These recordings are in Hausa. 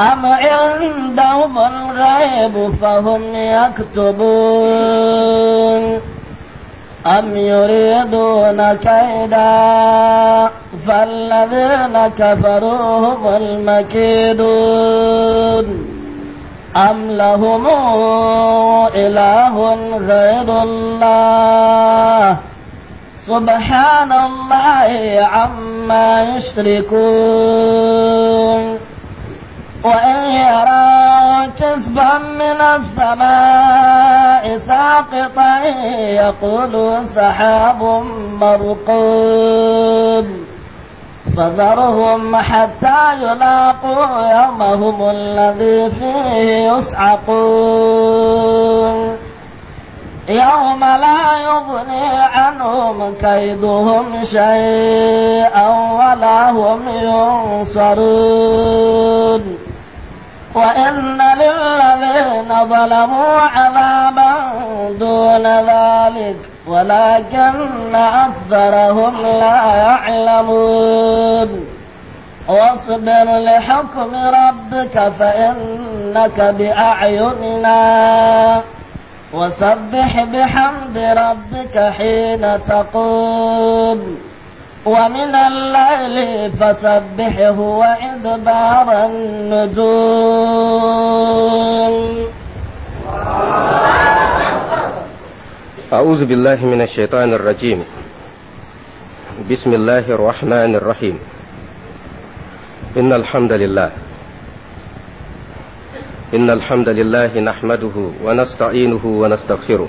أم عندهم الغيب فهم يكتبون أم يريدون كيدا فالذين كفروا هم المكيدون أم لهم إله غير الله سبحان الله عما يشركون وإن يروا كسبا من السماء ساقطا يقولوا سحاب مرقوب فذرهم حتى يلاقوا يومهم الذي فيه يسعقون يوم لا يغني عنهم كيدهم شيئا ولا هم ينصرون وإن للذين ظلموا عذابا دون ذلك ولكن أكثرهم لا يعلمون واصبر لحكم ربك فإنك بأعيننا وسبح بحمد ربك حين تقوم ومن الليل فسبحه وإدبار النجوم أعوذ بالله من الشيطان الرجيم بسم الله الرحمن الرحيم إن الحمد لله إن الحمد لله نحمده ونستعينه ونستغفره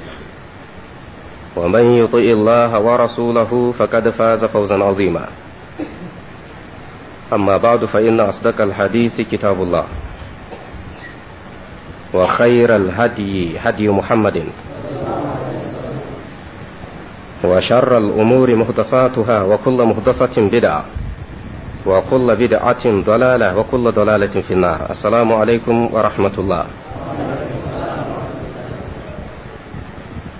ومن يطع الله ورسوله فقد فاز فوزا عظيما أما بعد فإن أصدق الحديث كتاب الله وخير الهدي هدي محمد وشر الأمور محدثاتها وكل محدثة بدعة وكل بدعة ضلالة وكل ضلالة في النار السلام عليكم ورحمة الله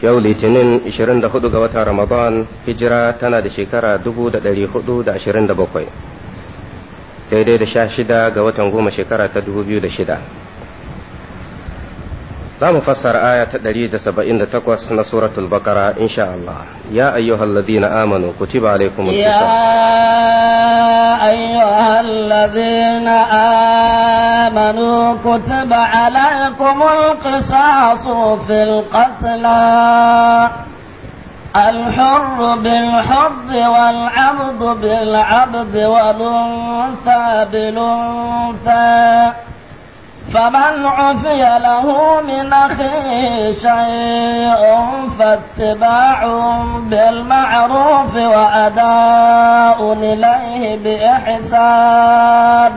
yau litinin 24 ga watan ramadan hijira tana da shekara 427 daidai da sha shida ga watan goma shekara ta 2006 za mu fassara aya ta 178 na suratul bakara insha Allah ya ayyuhal ladina amanu kutiba alaikum ya ayyuhal ladina amanu kutiba alaikum alqisasu fil qatla الحر بالحر والعبد بالعبد والأنثى بالأنثى فمن عفي له من أخيه شيء فاتباع بالمعروف وأداء إليه بإحسان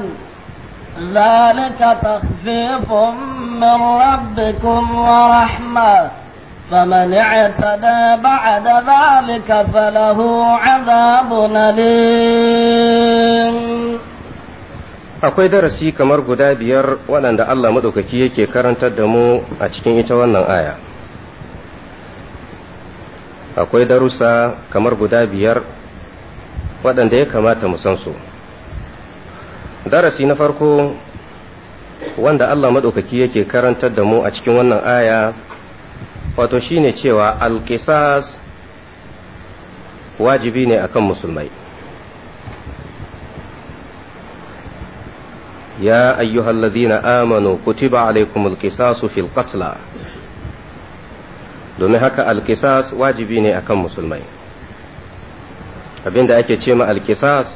ذلك تخفيف من ربكم ورحمة فمن اعتدى بعد ذلك فله عذاب أليم akwai darasi kamar guda biyar waɗanda Allah maɗaukaki yake karantar da mu a cikin ita wannan aya akwai darussa kamar guda biyar waɗanda ya kamata mu san su darasi na farko wanda Allah maɗaukaki yake karantar da mu a cikin wannan aya wato shine cewa alƙisas wajibi ne akan musulmai يا أيها الذين آمنوا كتب عليكم القصاص في القتلى domin haka alkisas wajibi ne akan musulmai abinda ake ce ma alkisas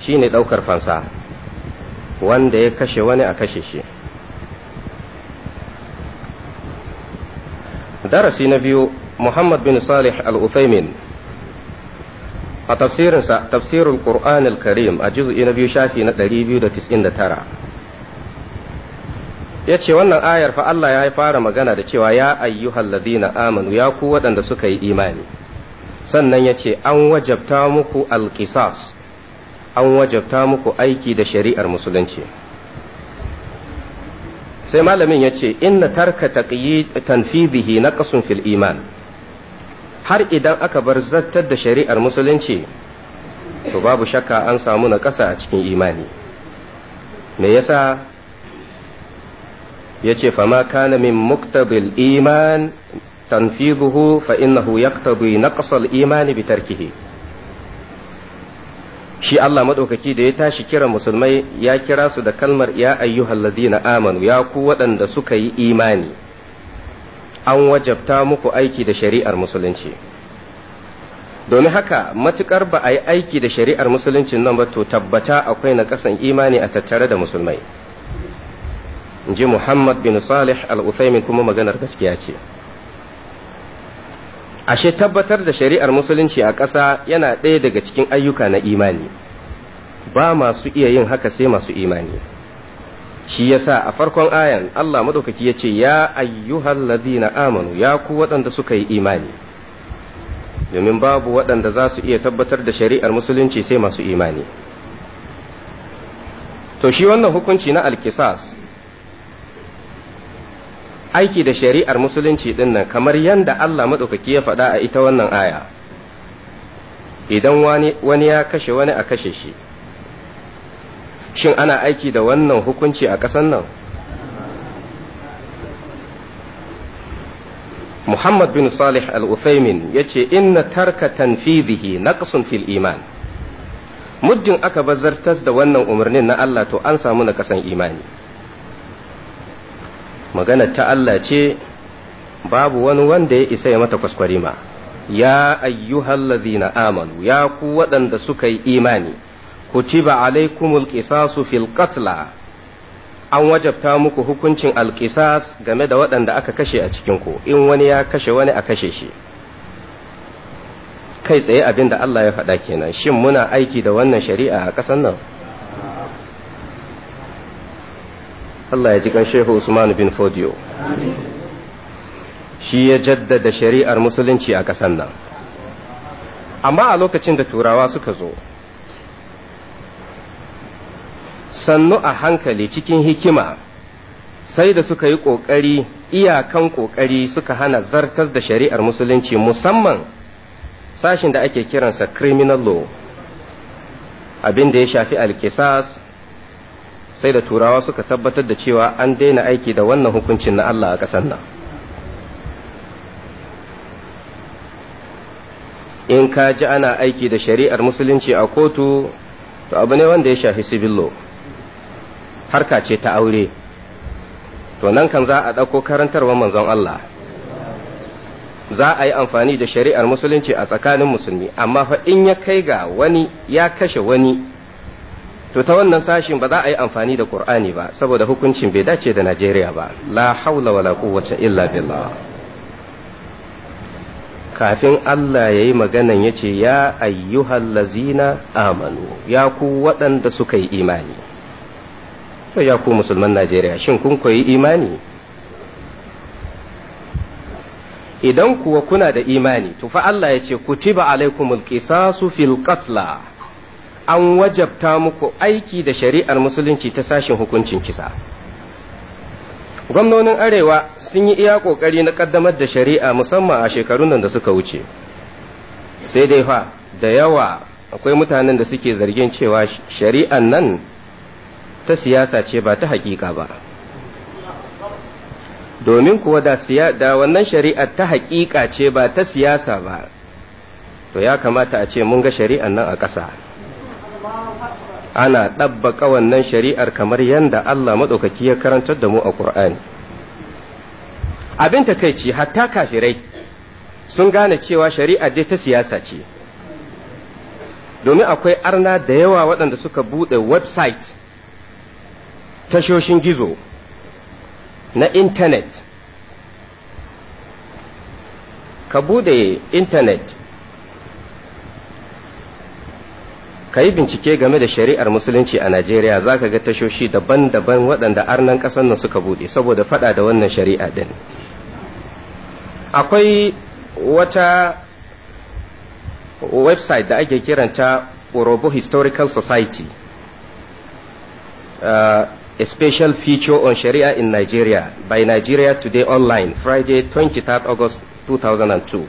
shine ɗaukar fansa wanda ya kashe wani a kashe shi darasi na biyu muhammad bin salih al-uthaymin a tafsirinsa tafsirul qur'an al-karim a juz'i na biyu shafi na 299 ce wannan ayar fa Allah ya fara magana da cewa ya ayyuhal ladina amanu ya ku waɗanda suka yi imani sannan ya ce an wajabta muku alkisas an wajabta muku aiki da shari'ar musulunci sai malamin ya yace inna tarka tanfi bihi na fil iman har idan aka bar zartar da shari'ar musulunci to babu shakka an samu na ƙasa a cikin imani me yasa ya ce fama kana min muktabil iman tanfibuhu fa innahu yaktabi naqsal imani bi tarkihi shi Allah maɗaukaki da ya tashi kira musulmai ya kira su da kalmar ya ayyuhal ladina amanu ya ku waɗanda suka yi imani an wajabta muku aiki da shari'ar musulunci domin haka matukar ba a yi aiki da shari'ar musulunci nan ba to tabbata akwai na kasan imani a tattare da musulmai in ji muhammad bin salih al-uthaymin kuma maganar gaskiya ce ashe tabbatar da shari'ar musulunci a ƙasa yana ɗaya daga cikin ayyuka na imani ba masu iya yin haka sai masu imani shi yasa a farkon ayan Allah madaukaki ya ce ya ayyuhal ladina amanu ya ku waɗanda suka yi imani domin babu waɗanda za su iya tabbatar da shari'ar musulunci sai masu imani to shi wannan hukunci na alkisas aiki da shari'ar musulunci ɗin nan kamar yadda Allah maɗaukaki ya faɗa a ita wannan aya idan wani ya kashe wani a kashe shi shin ana aiki da wannan hukunci a ƙasan nan Muhammad bin Salih al-Uthaymin ya ce inna tarka tanfidihi naqsun fil iman muddin aka bazartas da wannan umarnin na Allah to an samu na kasan imani magana ta Allah ce babu wani wanda ya isa ya mata kwaskwarima ya ayyuhallazina amanu ya ku waɗanda suka yi imani kutiba alaikumul qisasu fil qatla an wajabta muku hukuncin alkisas game da waɗanda aka kashe a cikin ku in wani ya kashe wani a kashe shi kai tsaye abinda da Allah ya faɗa kenan shin muna aiki da wannan shari'a a ƙasar nan Allah ya ji kan Shehu Usman bin Fodio shi ya jaddada shari'ar musulunci a ƙasar nan amma a lokacin da turawa suka zo sannu a hankali cikin hikima sai da suka yi ƙoƙari iyakan ƙoƙari suka hana zartas da shari'ar musulunci musamman sashin da ake kiransa criminal law abin da ya shafi alkisas sai da turawa suka tabbatar da cewa an daina aiki da wannan hukuncin na Allah a ƙasar nan in ka ji ana aiki da shari'ar musulunci a kotu to abu ne wanda ya shafi civil law harka ce ta aure to nan kan za a ɗauko wa manzon Allah za a yi amfani da shari'ar musulunci a tsakanin musulmi amma fa in ya kai ga wani ya kashe wani to ta wannan sashin ba za a yi amfani da qur'ani ba saboda hukuncin bai dace da Najeriya ba la haula wala quwwata illa billah kafin Allah ya yi maganan ya ce ya ayyuhallazina amanu ya ku waɗanda suka yi imani to ya ku musulman Najeriya shin kun koyi imani idan kuwa kuna da imani tufa Allah ya ce kutiba alaikumul qisasu fil qatla an wajabta muku aiki da shari'ar musulunci ta sashin hukuncin kisa gwamnonin arewa sun yi iya ƙoƙari na ƙaddamar da shari'a musamman a shekarun nan da suka wuce sai dai fa da yawa akwai mutanen da suke zargin cewa shari'an nan ta siyasa ce ba ta haƙiƙa ba domin kuwa da, wannan shari'ar ta haƙiƙa ce ba ta siyasa ba to ya kamata a ce mun ga shari'ar nan a ƙasa ana ɗabbaƙa wannan shari'ar kamar yadda Allah maɗaukaki ya karantar da mu a ƙur'ani abin takaici hatta kafirai sun gane cewa shari'ar dai ta siyasa ce domin akwai arna da yawa waɗanda suka buɗe website tashoshin gizo na intanet ka bude intanet ka yi bincike game da shari'ar musulunci a najeriya za ka ga tashoshi daban-daban waɗanda arnan ƙasar nan suka bude saboda faɗa da wannan shari'a ɗin akwai wata website da ake kiranta Orobo Historical Society ah, a special feature on Sharia in Nigeria by Nigeria Today Online, Friday 23 August 2002.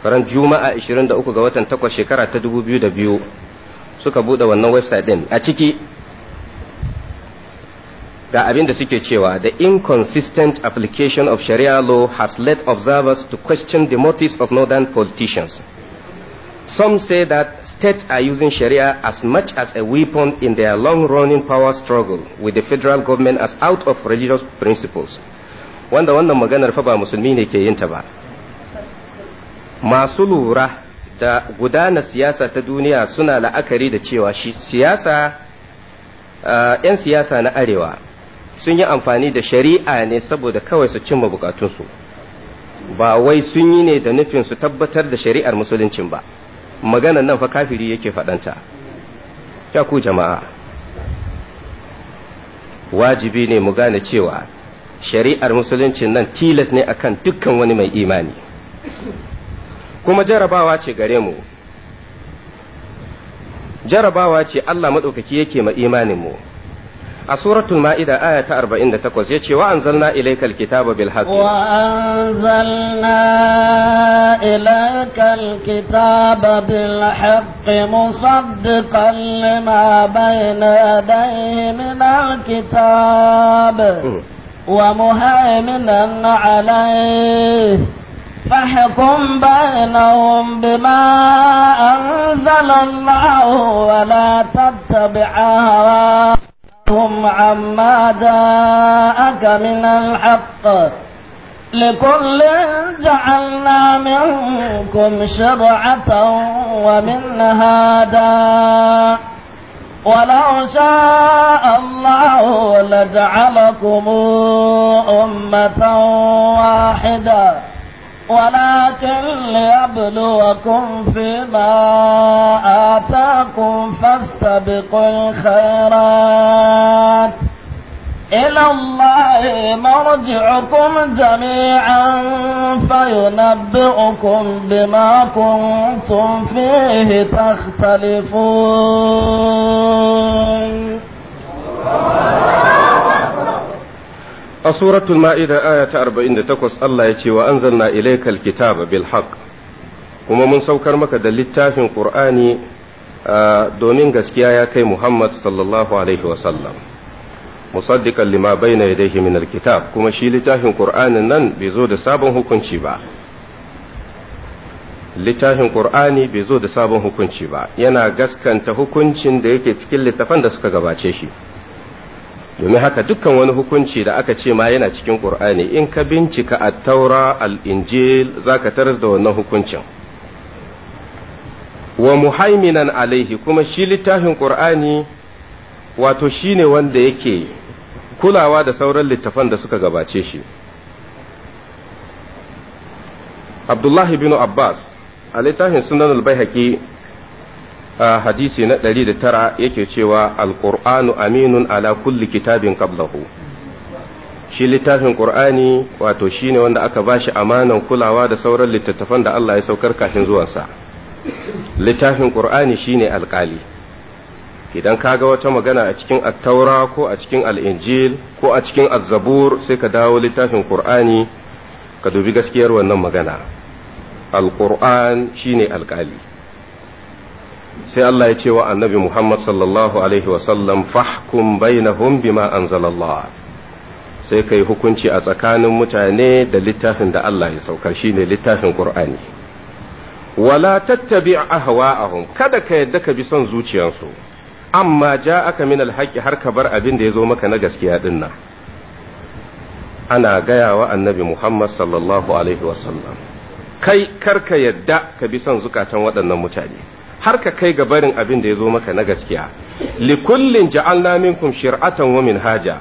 Faran Juma'a 23 ga watan 8 shekara ta 2002 suka buɗe wannan website din a ciki ga abin da suke cewa the inconsistent application of Sharia law has led observers to question the motives of northern politicians. Some say that states are using Sharia as much as a weapon in their long-running power struggle with the federal government as out of religious principles. Wanda wannan maganar fa ba musulmi ne ke yin ta ba. Masu lura da gudana siyasa ta duniya suna la'akari da cewa shi siyasa eh, ‘yan siyasa na arewa sun yi amfani da shari'a ne saboda kawai su cimma bukatunsu ba wai sun yi ne da nufin su tabbatar da shari'ar musuluncin ba. maganan nan fa kafiri yake faɗanta ya ku jama'a wajibi ne mu gane cewa shari'ar musuluncin nan tilas ne akan dukkan wani mai imani kuma jarabawa ce gare mu jarabawa ce Allah maɗaukaki yake ma imanin mu a suratul ma'ida aya ta 48 yace wa anzalna ilaykal kitaba bil haqqi wa anzalna ilaykal kitaba bil haqqi musaddiqan lima bayna yadayhi min al kitab wa muhaiminan alayhi فاحكم بينهم بما أنزل الله ولا تتبع هواه هم عما جاءك من الحق لكل جعلنا منكم شرعة ومنهاجا ولو شاء الله لجعلكم أمة واحدة ولكن ليبلوكم فيما آتاكم فاستبقوا الخيرات إلى الله مرجعكم جميعا فينبئكم بما كنتم فيه تختلفون a suratul ma'ida aya ta 48 Allah ya ce wa anzalna ilaykal kitaba bil kuma mun saukar maka da littafin qur'ani domin gaskiya ya kai Muhammad sallallahu alaihi wa sallam musaddiqan lima bayna yadayhi min alkitab kuma shi littafin qur'ani nan bai zo da sabon hukunci ba littafin qur'ani bai zo da sabon hukunci ba yana gaskanta hukuncin da yake cikin littafan da suka gabace shi domin haka dukkan wani hukunci da aka ce ma yana cikin ƙur'ani in ka bincika a taura al'injil za ka taras da wannan hukuncin wa muhaiminan alaihi kuma shi littafin ƙur'ani wato shi ne wanda yake kulawa da sauran littafan da suka gabace shi abdullahi bin abbas a littafin sunan al hadisi na ɗari da tara yake cewa alƙur'anu aminun ala kulli kitabin qablahu shi littafin ƙur'ani wato shi ne wanda aka ba shi amanan kulawa da sauran littattafan da Allah ya saukar kafin zuwansa littafin ƙur'ani shi ne alƙali idan ka ga wata magana a cikin attaura ko a cikin al'injil ko a cikin azzabur sai ka dawo littafin ƙur'ani ka dubi gaskiyar wannan magana alƙur'an shi ne alƙali sai Allah ya ce wa annabi Muhammad sallallahu alaihi wasallam fahkum bainahum bima anzalallah sai yi hukunci a tsakanin mutane da littafin da Allah ya saukar shine littafin Al-ƙur'ani. wala tattabi ahwa'ahum kada ka yadda ka bi son zuciyansu amma aka min alhaqi har ka bar abin da ya zo maka na gaskiya din nan ana gaya wa annabi Muhammad sallallahu alaihi wasallam kai karka yadda ka bi son zukatan waɗannan mutane har ka kai ga barin abin da ya zo maka na gaskiya likullin ja'alna minkum shir'atan wa minhaja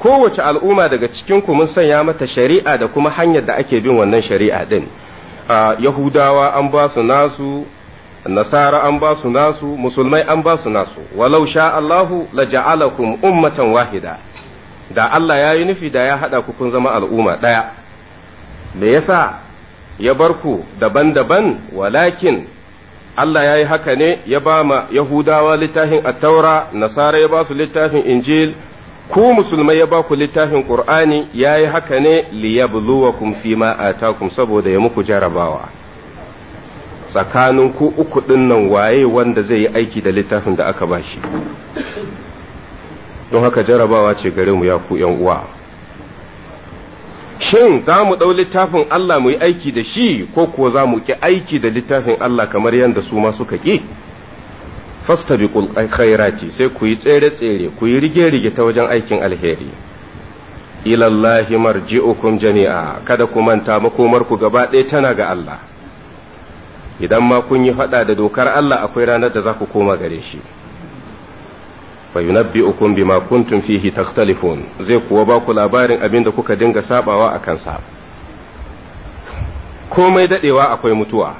kowace al'umma daga cikin ku mun sanya mata shari'a da kuma hanyar da ake bin wannan shari'a din yahudawa an ba su nasu nasara an ba su nasu musulmai an ba su nasu walau sha Allahu la ja'alakum ummatan wahida da Allah ya yi nufi da ya haɗa ku kun zama al'umma ɗaya me yasa ya bar ku daban-daban walakin Allah ya yi haka ne ya ba ma Yahudawa littafin attaura Nasara ya ba su littafin Injil, ku musulmai ya ba ku littafin Ƙur'ani ya yi haka ne liyabluwakum fi atakum saboda ya muku jarabawa. Tsakanin ku uku ɗin nan waye wanda zai yi aiki da littafin da aka ba shi. Don haka jarabawa ce gare mu ya ku uwa. shin za mu ɗau littafin Allah mu yi aiki da shi ko kuwa za mu ƙi aiki da littafin Allah kamar yadda su ma suka ƙi bi khairati sai ku yi tsere-tsere ku yi rige-rige ta wajen aikin alheri ilallahi marji'ukum jami'a kada ku manta makomar ku gaba ɗaya tana ga Allah idan ma kun yi faɗa da dokar Allah akwai ranar da za ku koma gare shi fa yunabbi'ukum bima kuntum fihi takhtalifun zai kuwa ba ku labarin abin da kuka dinga sabawa a kansa komai dadewa akwai mutuwa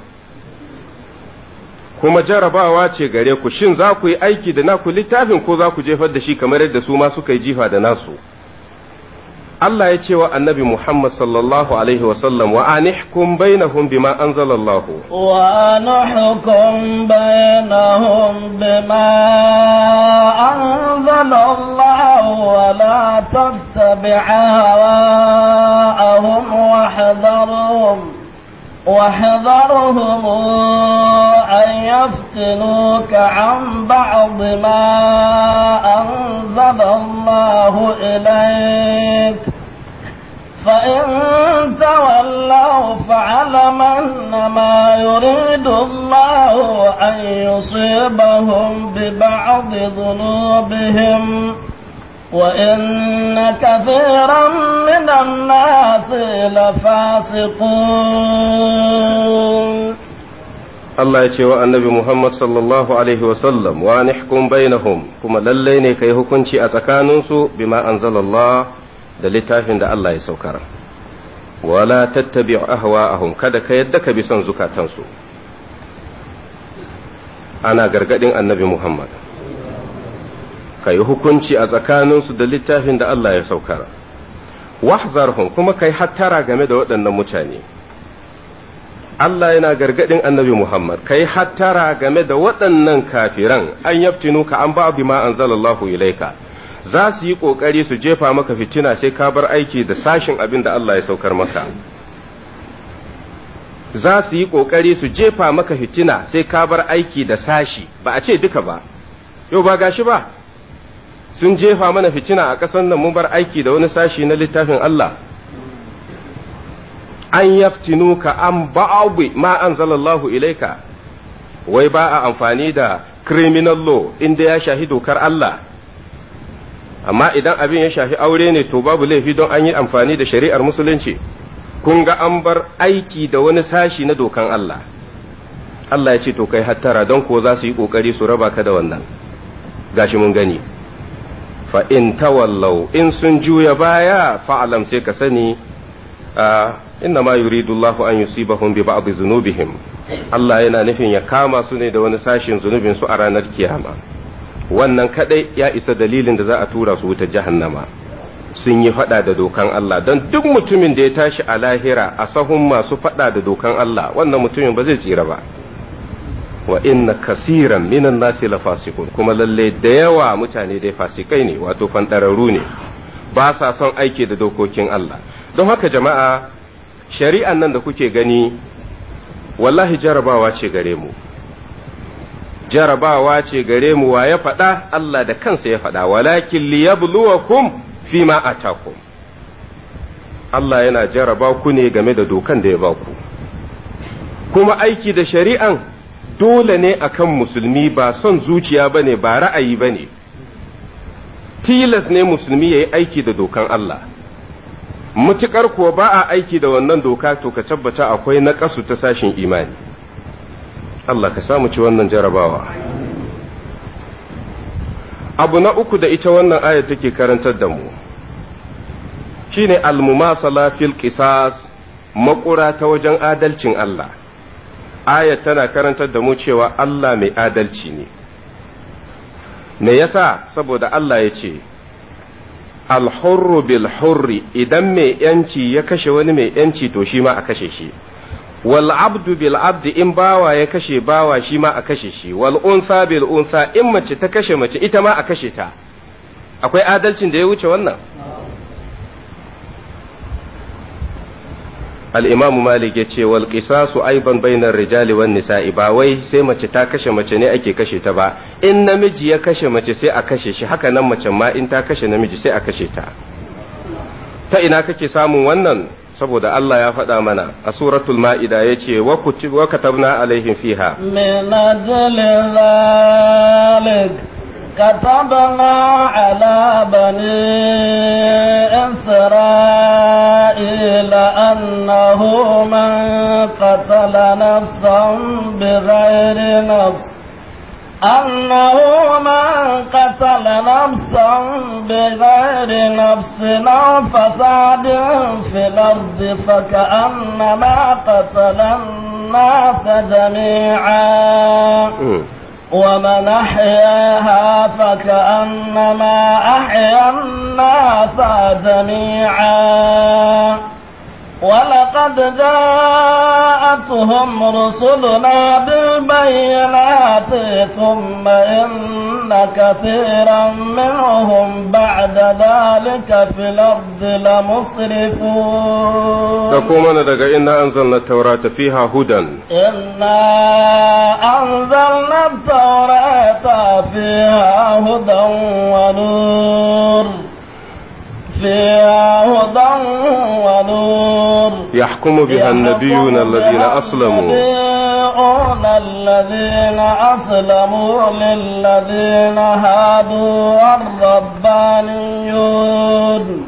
kuma jarabawa ce gare ku shin za ku yi aiki da naku littafin ko za ku jefar da shi kamar yadda su ma suka yi jifa da nasu Allah ya ce wa annabi Muhammad sallallahu Alaihi wasallam wa anihkum bainahum bima anzalallahu wa anihkum bainahum bima anzalallahu wa la tattabi ahwa'ahum wa hadharhum واحذرهم أن يفتنوك عن بعض ما أنزل الله إليك يريد الله أن يصيبهم ببعض ذنوبهم وإن كثيرا من الناس لفاسقون Allah ya ce wa annabi Muhammad sallallahu Alaihi wasallam wa nihkum bainahum kuma lallai ne ka hukunci a tsakaninsu bima anzalallah da littafin da Allah ya saukar. wala tattabi ahwa'ahum kada ka yadda ka bi son zukatansu ana gargadin annabi Muhammad ka yi hukunci a tsakaninsu da littafin da Allah ya saukara wahzarhum kuma kai hattara game da waɗannan mutane Allah yana gargadin annabi Muhammad kai hattara game da waɗannan kafiran an yaftinu ka an ba'u bima anzalallahu ilaika za su yi ƙoƙari su jefa maka fitina sai ka bar aiki da sashin abin da Allah ya saukar maka za su yi ƙoƙari su jefa maka fitina sai ka bar aiki da sashi ba a ce duka ba yau ba gashi ba sun jefa mana fitina a ƙasan nan mun bar aiki da wani sashi na littafin Allah an yaftinuka an ba'abi ma anzalallahu ilaika wai ba a amfani da criminal law inda ya shahi dokar Allah amma idan abin ya shafi aure ne to babu laifi don an yi amfani da shari'ar musulunci kun ga an bar aiki da wani sashi na dokan Allah Allah ya ce to kai hattara don ko za su yi kokari su raba ka da wannan gashi mun gani fa in tawallau in sun juya baya fa'alam sai ka sani inna ma yuridu Allahu an yusibahum bi ba'd zunubihim Allah yana nufin ya kama su ne da wani sashin zunubin su a ranar kiyama wannan kadai ya isa dalilin da za a tura su wuta jahannama sun yi fada da dokan Allah don duk mutumin da ya tashi a lahira a sahun masu fada da dokan Allah wannan mutumin ba zai tsira ba wa inna kasiran minan nasi la fasikun kuma lalle da yawa mutane dai fasikai ne wato fandararu ne ba sa son aiki da dokokin Allah don haka jama'a shari'an nan da kuke gani wallahi jarabawa ce gare mu jarabawa ce gare mu wa ya faɗa Allah da kansa ya faɗa walakin liyabluwakum fima atakum Allah yana jaraba ku ne game da dokan da ya ba ku kuma aiki da shari'an dole ne akan musulmi ba son zuciya bane ba ra'ayi bane tilas ne musulmi yayi aiki da dokan Allah mutukar kuwa ba a aiki da wannan doka to ka tabbata akwai naƙasu ta sashin imani Allah ka samu ci wannan jarabawa abu na uku da ita wannan aya take karantar da mu shine almumasalafil fil qisas makura ta wajen adalcin Allah aya tana karantar da mu cewa Allah mai adalci ne me yasa saboda Allah ya ce alhurru bil hurri idan mai yanci ya kashe wani mai yanci to shi ma a kashe shi wal abdu bil abdi in bawa ya kashe bawa shi ma a kashe shi wal unsa bil unsa in mace ta kashe mace ita ma a kashe ta akwai adalcin da ya wuce wannan al-imamu malik ya ce wal qisasu aiban bainar rijali wan nisa'i ba wai sai mace ta kashe mace ne ake kashe ta ba in namiji ya kashe mace sai a kashe shi haka nan mace ma in ta kashe namiji sai a kashe ta ta ina kake samun wannan saboda Allah ya faɗa mana a suratul ma'ida ya ce wa katabna alaihim fiha min ajalin zalik katabna ala bani isra'ila annahu man qatala nafsan bi ghairi أنه من قتل نفسا بغير نفس أو فساد في الأرض فكأنما قتل الناس جميعا ومن أحياها فكأنما أحيا الناس جميعا ولقد جاءتهم رسلنا بالبينات ثم إن كثيرا منهم بعد ذلك في الأرض تقوم أنا دقا إنا أنزلنا التوراة فيها هدى إنا أنزلنا التوراة فيها هدى ونور فيها يحكم بها النبيون الذين أسلموا الذين أسلموا للذين هادوا والربانيون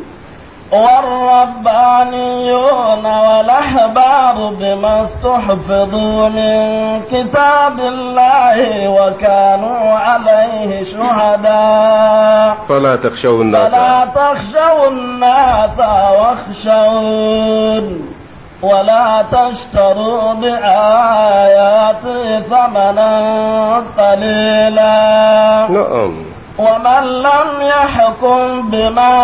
والربانيون والأحبار بما استحفظوا من كتاب الله وكانوا عليه شهداء فلا تخشوا الناس فلا تخشوا الناس واخشون ولا تشتروا بآياتي ثمنا قليلا نعم ومن لم يحكم بما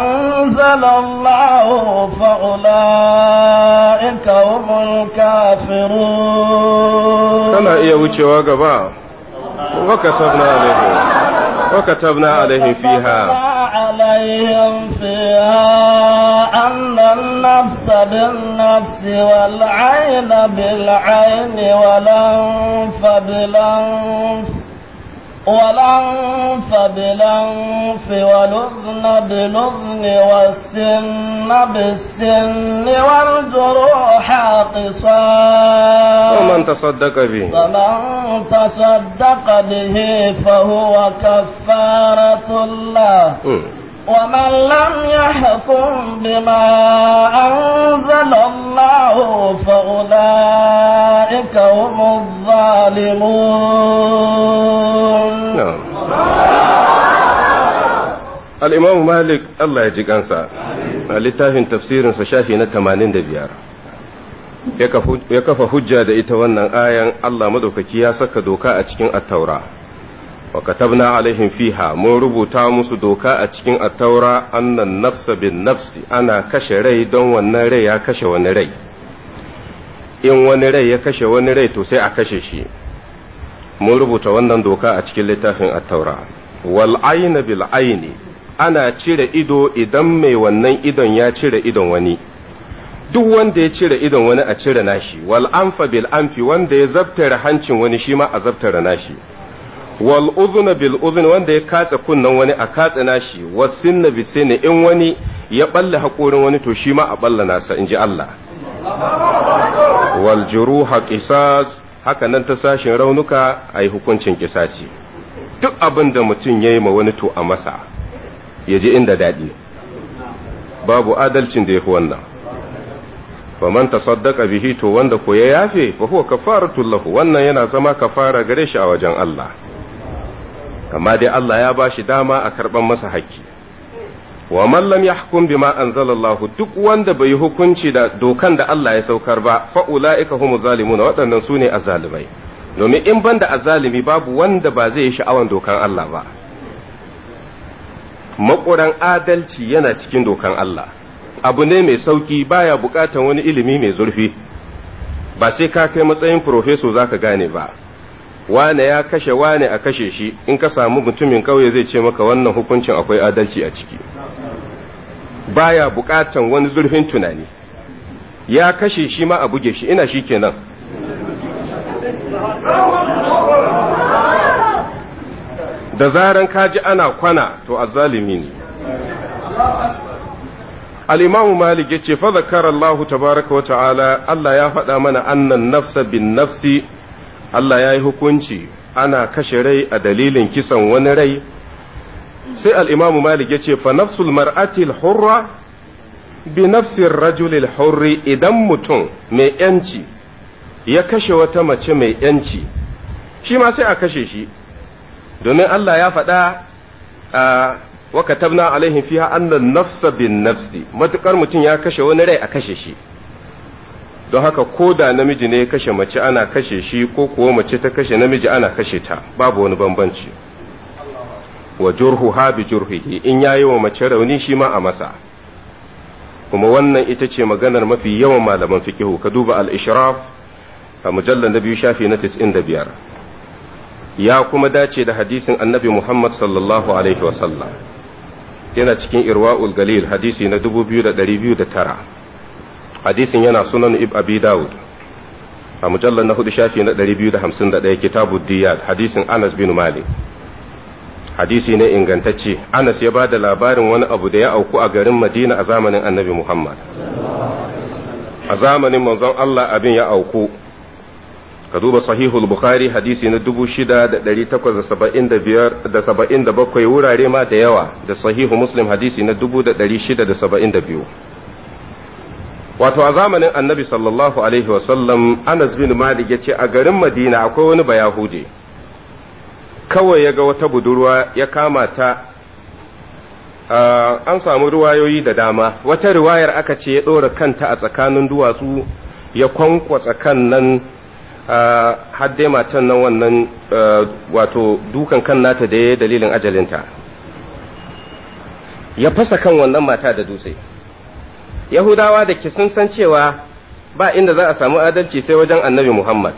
أنزل الله فأولئك هم الكافرون كما إيه وجه وقبا وكتبنا عليه وكتبنا عليه فيها عليهم فيها أن النفس بالنفس والعين بالعين والأنف بالأنف والأنف بالأنف والأذن بالأذن والسن بالسن والجروح قصاص ومن تصدق به فمن تصدق به فهو كفارة الله م. ومن لم يحكم بما أنزل الله فأولئك هم الظالمون نعم الإمام مالك الله يجيك أنسى littafin tafsirinsa shafi na tamanin da biyar ya kafa hujja da ita wannan kayan, Allah madaukaki ya saka doka a cikin attaura wa katabna alaihim fiha mun rubuta musu doka a cikin attaura annan nafsa binnafsi ana kashe rai don wannan rai ya kashe wani rai in wani rai ya kashe wani rai to sai a kashe shi mun rubuta wannan doka a cikin littafin attaura wal aina bil aini ana cire ido idan mai wannan idon ya cire idon wani duk wanda ya cire idon wani a cire nashi wal anfa bil wanda ya zabtare hancin wani shi ma a zabtare nashi wal uzuna bil uzun wanda ya katsa kunnan wani a katsa nashi wasin na bisini in wani ya balla hakorin wani to shi ma a balla nasa in ji Allah wal juruha qisas haka nan ta sashin raunuka ai hukuncin kisaci duk abinda da mutum yayi ma wani to a masa ya ji inda daɗi babu adalcin da ya fi wannan man tasaddaqa bihi to wanda ko ya yafe fa huwa kafaratul lahu wannan yana zama kafara gare shi a wajen Allah amma dai Allah ya bashi dama a karban masa haƙƙi wa man lam yahkum bima anzalallahu duk wanda bai yi hukunci da dokan da Allah ya saukar ba fa ulaika humu zalimuna waɗannan su ne azalimai domin in banda azalimi babu wanda ba zai yi sha'awan dokan Allah ba maƙuran adalci yana cikin dokan Allah abu ne mai sauki baya buƙatan wani ilimi mai zurfi ba sai ka kai matsayin profeso zaka gane ba wane ya kashe wane a kashe shi in ka samu mutumin kauye zai ce maka wannan hukuncin akwai adalci a ciki baya bukatan wani zurfin tunani ya kashe shi ma a buge shi ina shi kenan da zaran kaji ana kwana to azzalimi ne al'imamu malik ya ce fa zakara Allah tabaraka wa ta'ala allah ya faɗa mana annan nafsa bin nafsi Allah ya yi hukunci ana kashe rai a dalilin kisan wani rai sai al'imamu malik ya ce fa mar'atil hurra bi nafsir rajulil hurri idan mutum mai ‘yanci ya kashe wata mace mai ‘yanci shi ma sai a kashe shi domin Allah ya faɗa a wakatabna alaihin fiha annan nafsa bin nafsi mutum ya kashe wani rai a kashe shi don haka ko da namiji ne ya kashe mace ana kashe shi ko kuwa mace ta kashe namiji ana kashe ta babu wani bambanci wa jurhu ha bi jurhihi in yayi wa mace rauni shi ma a masa kuma wannan ita ce maganar mafi yawan malaman fiqihu ka duba al-ishraf a mujallal na biyu shafi na 95 ya kuma dace da hadisin annabi Muhammad sallallahu alaihi wasallam yana cikin irwa'ul galil hadisi na da tara. hadisin yana sunan ib abi Dawud, a mujallar na hudu shafi na 251 kitabu diyad hadisin anas bin malik hadisi ne ingantacce anas ya ba da labarin wani abu da ya auku a garin madina a zamanin annabi muhammad a zamanin manzon allah abin ya auku ka duba Sahihu bukhari hadisi na 6,875 wurare ma da yawa da sahihu muslim hadisi na 6,672 wato a zamanin annabi sallallahu alaihi wasallam anas bin malik ya ce a garin madina akwai wani bayahude kawai ya ga wata budurwa ya kama ta an samu ruwayoyi da dama wata riwayar aka ce ya ɗora kanta a tsakanin duwatsu ya kwankwatsa kan nan hadde matan nan wannan wato dukan kan nata da ya dalilin ajalinta ya fasa kan wannan mata da dutse yahudawa da ke sun san cewa ba inda za a samu adalci sai wajen annabi muhammad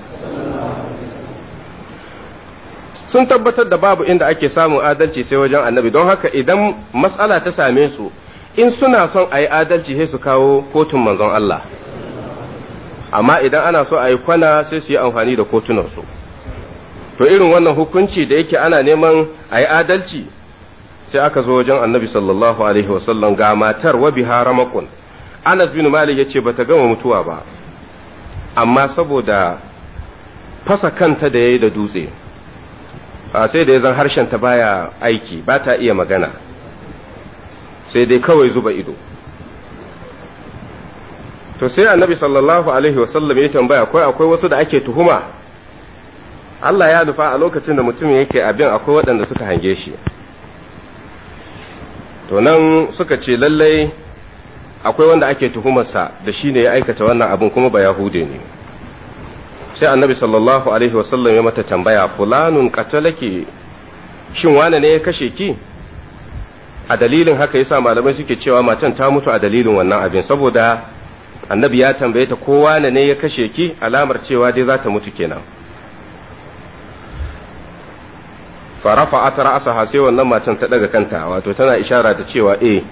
sun tabbatar da babu inda ake samun adalci sai wajen annabi don haka idan matsala ta same su in suna son a yi adalci sai su kawo kotun manzon Allah amma idan ana so a yi kwana sai su yi amfani da kotunansu to irin wannan hukunci da yake ana neman a yi adalci sai aka zo wajen annabi sallallahu alaihi wasallam ga matar wa biha ramakun anas bin malik ya ce bata gama mutuwa ba amma saboda fasa kanta da ya yi da dutse sai da ya zan ta baya aiki ba ta iya magana sai dai kawai zuba ido to sai annabi sallallahu alaihi wasallam ya tambaya akwai akwai wasu da ake tuhuma Allah ya nufa a lokacin da mutum yake abin akwai waɗanda suka hange shi to nan suka ce lallai akwai wanda ake tuhumarsa da shi ne ya aikata wannan abin kuma ba yahude ne sai annabi sallallahu alaihi wasallam ya mata tambaya fulanun qatalaki shin wane ne ya kashe ki a dalilin haka yasa malamai suke cewa matan ta mutu a dalilin wannan abin saboda annabi ya tambaye ta ko wane ne ya kashe ki alamar cewa dai za ta mutu kenan farafa a ra'asa sai wannan matan ta daga kanta wato tana ishara da cewa eh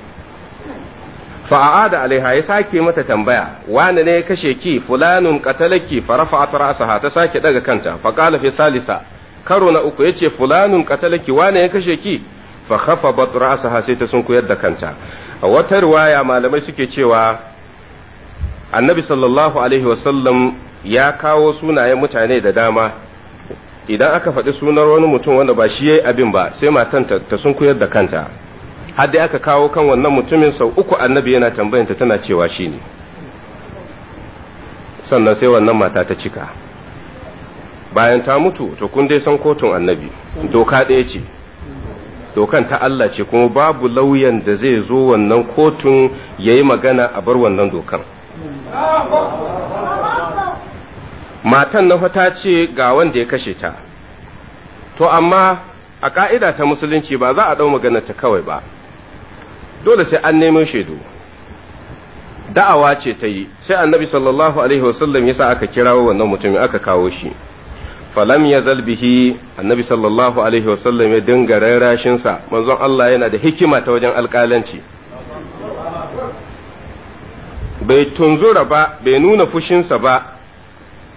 da alaiha ya sake mata tambaya wani ne ya kashe ki fulanun qatalaki fa rafa'at ra'saha ta sake daga kanta fa qala fi salisa karo na uku yace fulanun qatalaki wani ya kashe ki fa khafabat ra'saha sai ta sunkuyar da kanta a wata riwaya malamai suke cewa annabi sallallahu alaihi wasallam ya kawo sunayen mutane da dama idan aka faɗi sunar wani mutum wanda ba shi yayi abin ba sai matanta ta sunkuyar da kanta har dai aka kawo kan wannan mutumin sau uku annabi yana tambayanta tana cewa shi ne sannan sai wannan mata ta cika bayan ta mutu to kun dai san kotun annabi doka ɗaya ce dokan ta Allah ce kuma babu lauyan da zai zo wannan kotun ya yi magana a bar wannan dokan matan na fata ce ga wanda ya kashe ta to amma a ƙa'ida ta musulunci ba za a ɗau maganarta kawai ba dole sai an nemo shaidu da'awa ce ta yi sai annabi sallallahu alaihi wasallam yasa aka kirawo wannan mutumin aka kawo shi falam ya zalbihi annabi sallallahu alaihi wasallam ya dinga rarrashinsa manzon Allah yana da hikima ta wajen alƙalanci bai tunzura ba bai nuna fushinsa ba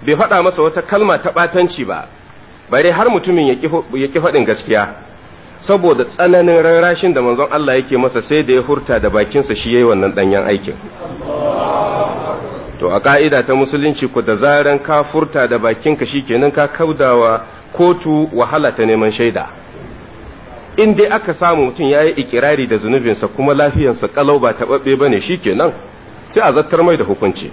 bai faɗa masa wata kalma ta ɓatanci ba bare har mutumin ya ƙi faɗin gaskiya saboda tsananin rarrashin da manzon Allah yake masa sai da ya hurta da bakinsa shi yayi wannan danyen aikin to a ka'ida ta musulunci ku da zaran ka furta da bakinka shikenan ka kaudawa kotu wahala ta neman shaida in dai aka samu mutum ya yi ikirari da zunubinsa kuma lafiyansa kalau ba taɓaɓɓe ba ne shi kenan sai a zartar mai da hukunci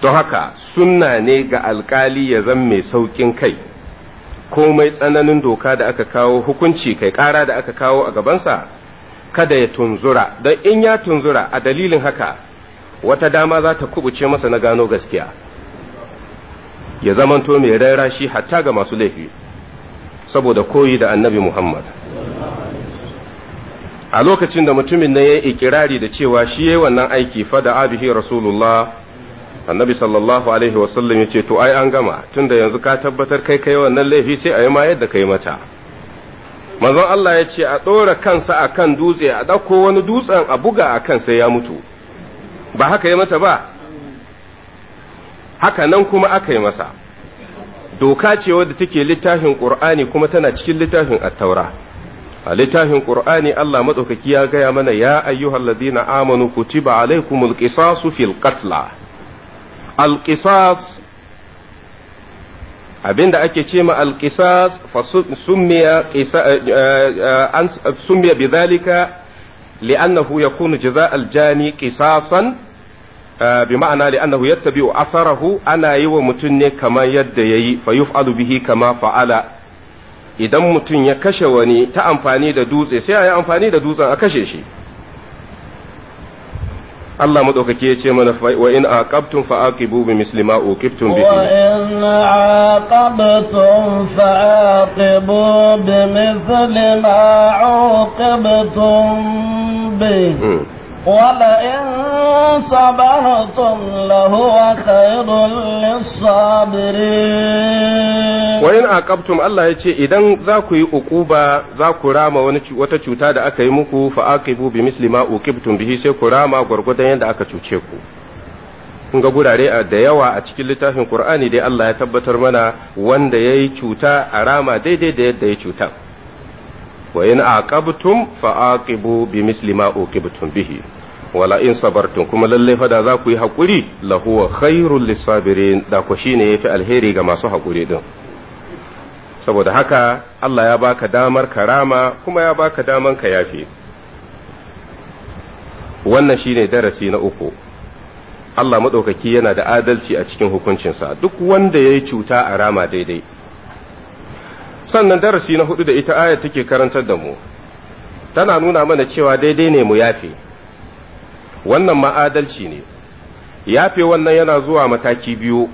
to haka sunna ne ga alkali ya zan mai sauƙin kai komai tsananin doka da aka kawo hukunci kai ƙara da aka kawo a gabansa kada ya tunzura don in ya tunzura a dalilin haka wata dama za ta kubuce masa na gano gaskiya ya zamanto mai raira shi hatta ga masu laifi saboda koyi da annabi muhammad a lokacin da mutumin na ya yi ikirari da cewa shi yayi wannan aiki fada abihi rasulullah annabi sallallahu alaihi wasallam ya ce to ai an gama tunda yanzu ka tabbatar kai kai wannan laifi sai a yi ma yadda kai mata manzon Allah ya ce a ɗora kansa a kan dutse a ɗauko wani dutsen a buga a kan sai ya mutu ba haka yi mata ba haka nan kuma aka yi masa doka ce wadda take littafin qur'ani kuma tana cikin littafin attaura a littafin qur'ani Allah madaukaki ya gaya mana ya ayyuhal ladina amanu kutiba alaikumul qisasu fil qatla alƙisas abin da ake ce ma alƙisas summiya eh, eh, eh, bi zalika li'annahu yakunu jaza aljani qisasan bi ma'ana li'annahu yattabi'u asarahu ana yi wa mutum ne kamar yadda yayi fa yuf'alu bihi kama fa'ala idan mutum ya kashe wani ta amfani da dutse sai a yi amfani da dutsen a kashe shi Allah madaukake ya ce mana wa in aqabtum fa aqibu bi musulma ma uqibtum bihi wa in aqabtum fa aqibu bi musulma ma uqibtum bihi hmm. ولئن صبرتم لهو خير للصابرين وين عقبتم الله يجي إذن ذاكو أقوبة ذاكو راما وتشوتا دا أكا يمكو فآقبوا بمثل ما أوكبتم به سيكو راما غرغدا دا أكا تشوتشيكو kun ga gurare da yawa a cikin littafin Qur'ani dai Allah ya tabbatar mana wanda ya yi cuta a rama daidai da yadda ya cuta. wa in aqabtum fa aqibu bi misli ma uqibtum bihi wala in sabartum kuma lalle fa da za ku yi hakuri la huwa khairul lisabirin da ku shine yafi alheri ga masu hakuri din saboda haka Allah ya baka damar karama kuma ya baka damar ka yafe wannan shine darasi na uku Allah maɗaukaki yana da adalci a cikin hukuncinsa duk wanda ya yi cuta a rama daidai sannan darasi na hudu da ita ayar take karantar da mu tana nuna mana cewa daidai ne mu yafe wannan ma'adalci ne yafe wannan yana zuwa mataki biyu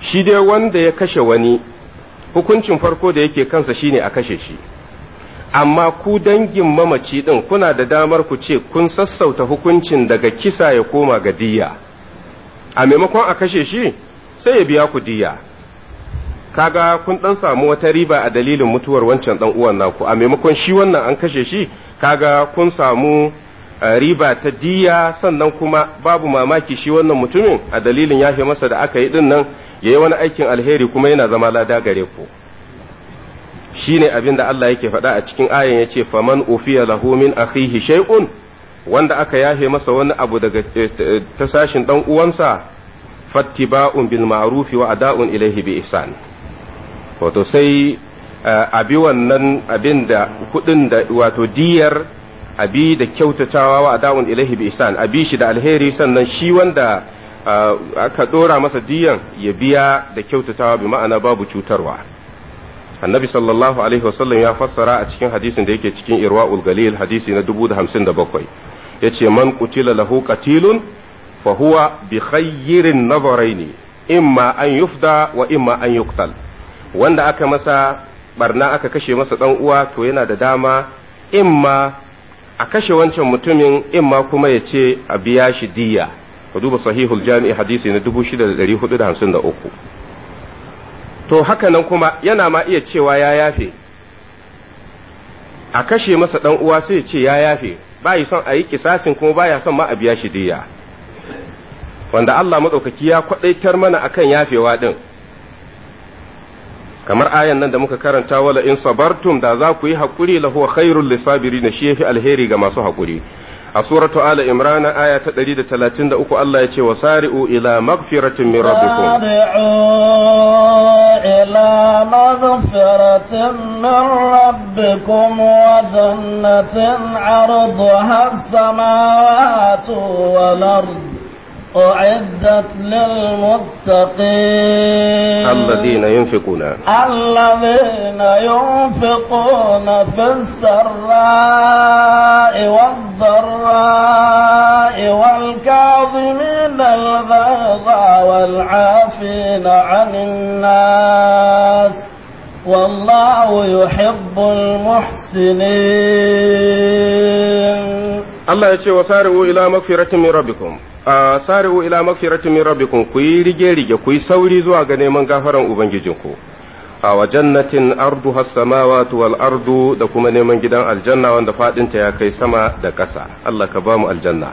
shi dai wanda ya kashe wani hukuncin farko da yake kansa shine a kashe shi amma ku dangin mamaci din kuna da damar ku ce kun sassauta hukuncin daga kisa ya koma ga diya a maimakon a kashe shi sai ya biya ku diya kaga kun dan samu wata riba a dalilin mutuwar wancan dan uwan naku a maimakon shi wannan an kashe shi kaga kun samu eh, riba ta diya sannan kuma babu mamaki shi wannan mutumin a dalilin yafe masa da aka yi din nan yayi wani aikin alheri kuma yana zama lada gare ku shine abin da Allah yake faɗa a cikin ayan yace faman ufiya lahu min akhihi shay'un wanda aka yafe masa wani abu daga eh, eh, ta sashin dan uwansa fattiba'un bil ma'ruf wa ada'un ilayhi bi ihsan wato sai abi wannan abin da da wato diyar abi da kyautatawa wa adawun ilahi bi abi shi da alheri sannan shi wanda aka dora masa diyan ya biya da kyautatawa bi ma'ana babu cutarwa annabi sallallahu alaihi wasallam ya fassara a cikin hadisin da yake cikin irwaul galil hadisi na 1057 yace man qutila lahu qatilun fa huwa bi khayrin nazaraini imma an yufda wa imma an yuqtal wanda aka masa barna aka kashe masa ɗan uwa to yana da dama imma a kashe wancan mutumin imma kuma ya ce a biya shi diya ka duba sahihul jami'i hadisi na 6453 to haka nan kuma yana ma iya cewa ya yafe a kashe masa dan uwa sai ya ce ya yafe ba yi son a yi kisasin kuma ba ya son ma a biya shi diya wanda Allah maɗaukaki ya kwaɗaitar mana akan yafewa ɗin kamar ayan nan da muka karanta wala in sabartum da za ku yi hakuri la huwa khairul lisabirin shi yafi alheri ga masu hakuri a suratu ala imran aya ta 133 Allah ya ce wasari'u ila maghfiratin min rabbikum ila maghfiratin min rabbikum wa jannatin 'arduha as-samawati wal ardu أعدت للمتقين الذين ينفقون الذين ينفقون في السراء والضراء والكاظمين الغيظ والعافين عن الناس والله يحب المحسنين الله يشي وسارعوا إلى مغفرة من ربكم sari'u ila magfiratin min rabbikum ku yi rige rige ku yi sauri zuwa ga neman gafaran ubangijinku a wa jannatin ardu samawati wal ardu da kuma neman gidan aljanna wanda fadinta ya kai sama da ƙasa Allah ka ba mu aljanna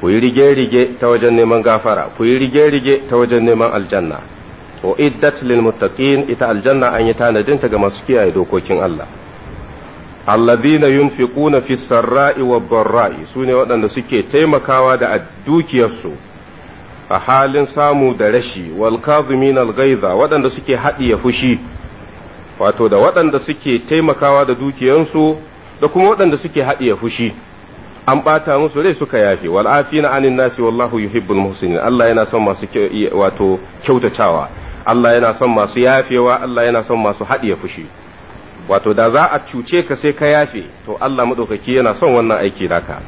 ku yi rige rige ta wajen neman gafara ku yi rige rige ta wajen neman aljanna wa iddat lil ita aljanna an yi tanadinta ga masu kiyaye dokokin Allah alladhina yunfiquna fi sarra'i wa barra'i sune waɗanda suke taimakawa da dukiyarsu a halin samu da rashi wal kazimin al waɗanda suke haɗiye fushi wato da waɗanda suke taimakawa da dukiyarsu da kuma waɗanda suke haɗiye fushi an ɓata musu rai suka yafe wal afina anin nasi wallahu yuhibbul muhsinin Allah yana son masu wato kyautatawa Allah yana son masu yafewa Allah yana son masu haɗiye fushi wato da za a cuce ka sai ka yafe to Allah maɗaukaki yana son wannan aiki naka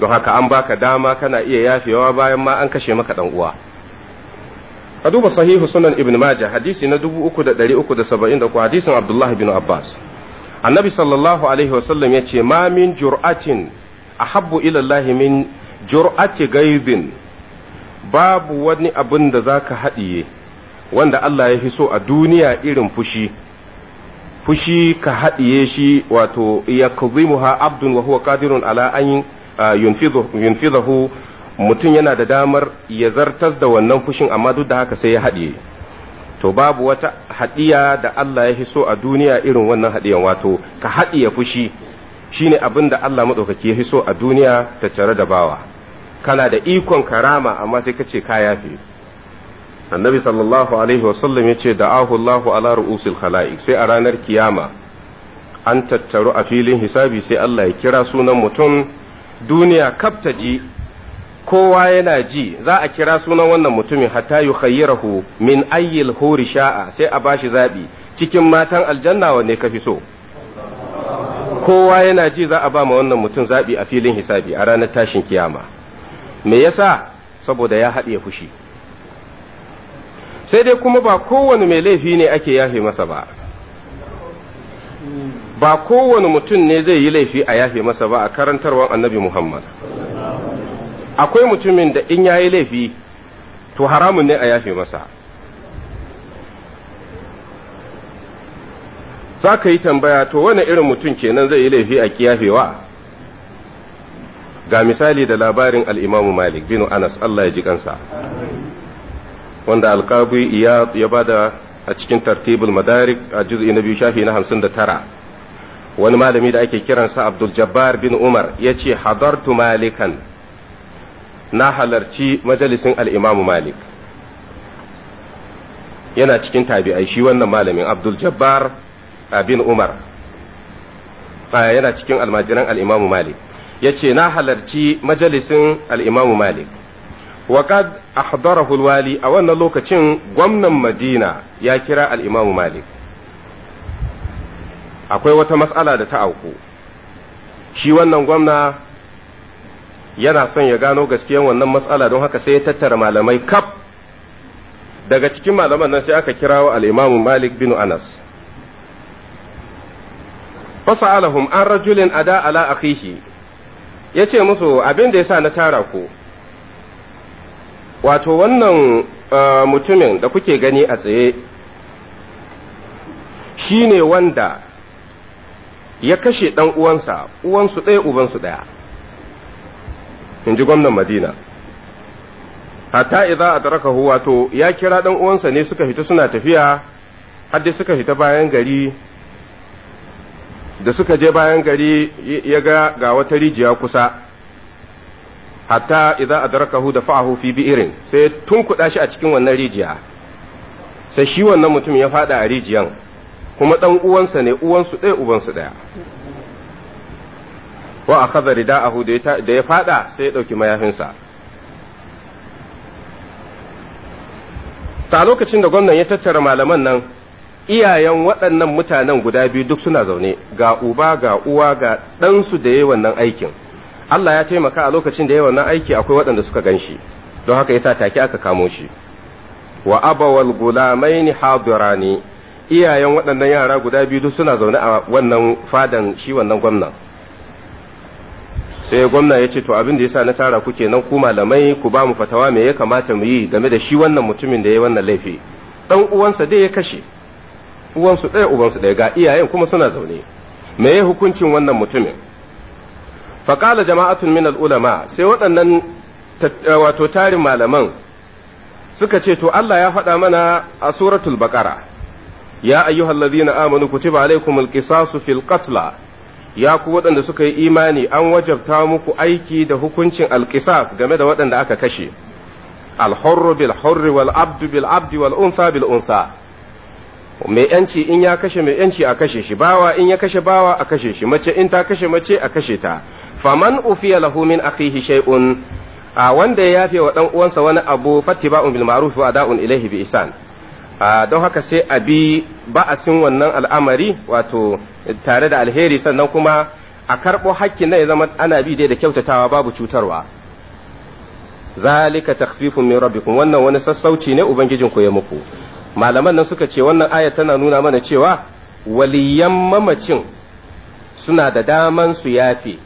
don haka an baka dama kana iya yafewa bayan ma an kashe maka dan uwa ka duba sahihu sunan ibn majah hadisi na 3373 hadisin abdullah bin abbas annabi sallallahu alaihi wasallam ya ce ma min jur'atin ahabbu ila allahi min jur'ati gaibin babu wani abin da zaka haɗiye wanda Allah ya fi so a duniya irin fushi fushi ka haɗiye shi wato ya kuzimuha abdun wa huwa qadirun ala an yunfidahu mutum yana da damar ya zartas da wannan fushin amma duk da haka sai ya haɗiye to babu wata haɗiya da Allah ya fi so a duniya irin wannan haɗiyan wato ka haɗiye fushi shine abinda Allah maɗaukaki ya fi so a duniya ta tare da bawa kana da ikon karama amma sai kace ka yafe annabi sallallahu alaihi wasallam ya ce da'ahu Allahu ala ru'usil khala'i sai a ranar kiyama an tattaru a filin hisabi sai Allah ya kira sunan mutum duniya kafta ji kowa yana ji za a kira sunan wannan mutumin hatta yukhayyirahu min ayyil huri sha'a sai a bashi zabi cikin matan aljanna wanne kafi so kowa yana ji za a ba ma wannan mutum zabi a filin hisabi a ranar tashin kiyama me yasa saboda ya haɗe fushi sai dai kuma ba kowane mai laifi ne ake yafe masa ba ba kowane mutum ne zai yi laifi a yafe masa ba a karantarwar annabi muhammad akwai mutumin da in yayi laifi to haramun ne a yafe masa za ka yi tambaya to wani irin mutum kenan zai yi laifi a kiyafewa ga misali da labarin al'imamu malik binu anas allah ya ji kansa wanda alkabi iya ya bada a cikin tartibul madarik a juz'i na biyu shafi na hamsin da tara wani malami da ake kiransa abdul jabbar bin umar ya ce hadartu malikan na halarci majalisin al'imamu malik yana cikin tabi'ai shi wannan malamin abdul jabbar bin umar yana cikin almajiran al'imamu malik ya ce na halarci majalisin al'imamu malik وقد أحضره الوالي أو أن lokacin gwamnan مدينة ya kira الإمام Malik. akwai wata matsala da ta auku shi wannan gwamna yana son ya gano gaskiyan wannan matsala don haka sai ya tattara malamai kaf daga cikin malaman nan sai aka kirawo al'imamu malik bin anas fasa'alahum an rajulin ada ala akhihi ya ce musu abin da ya sa na tara ku wato wannan eh, mutumin da kuke gani a tsaye shi ne wanda ya kashe ɗan uwansa uwansu ɗaya ubansu ɗaya in ji gwamnan madina hatta idza adrakahu wato ya kira ɗan uwansa ne suka fita suna tafiya har dai suka fita bayan gari da suka je bayan gari ya ga ga wata rijiya kusa hatta idza adrakahu dafa'ahu fi bi'irin sai tunkuda shi a cikin wannan rijiya sai shi wannan mutum ya fada a rijiyan kuma dan uwansa ne uwansu ɗaya ubansu ɗaya wa akhadha rida'ahu da ya fada sai ya dauki mayafinsa ta lokacin da gwamnan ya tattara malaman nan iyayen waɗannan mutanen guda biyu duk suna zaune ga uba ga uwa ga ɗansu da ya wannan aikin Allah ya taimaka a lokacin da ya wannan aiki akwai waɗanda suka gan shi don haka yasa take aka kamo shi wa abawal gulamaini hadirani iyayen waɗannan yara guda biyu duk suna zaune a wannan fadan shi wannan gwamnan sai gwamna ya ce to abin da yasa na tara ku kenan ku malamai ku ba mu fatawa me ya kamata mu yi game da shi wannan mutumin da ya wannan laifi dan uwansa dai ya kashe uwansu ɗaya ubansu ɗaya ga iyayen kuma suna zaune me ya hukuncin wannan mutumin faƙala jama'atun min ulama sai waɗannan wato tarin malaman suka ce to Allah ya faɗa mana a suratul baqara ya ayyuhallazina amanu kutiba alaikumul qisasu fil qatla ya ku waɗanda suka yi imani an wajabta muku aiki da hukuncin alƙisas game da waɗanda aka kashe alhurru bil hurri wal abdu bil abdi wal unsa bil unsa mai yanci in ya kashe mai yanci a kashe shi bawa in ya kashe bawa a kashe shi mace in ta kashe mace a kashe ta faman ufiya lahu min akhihi shay'un a wanda ya yafe wa dan uwansa wani abu fattiba'un bil ma'ruf wa ada'un ilaihi bi ihsan don haka sai a bi ba'asin wannan al'amari wato tare da alheri sannan kuma a karɓo hakkin na ya zama ana bi dai da kyautatawa babu cutarwa zalika takhfifun min rabbikum wannan wani sassauci ne ubangijin ku ya muku malaman nan suka ce wannan aya tana nuna mana cewa waliyan mamacin suna da daman su yafe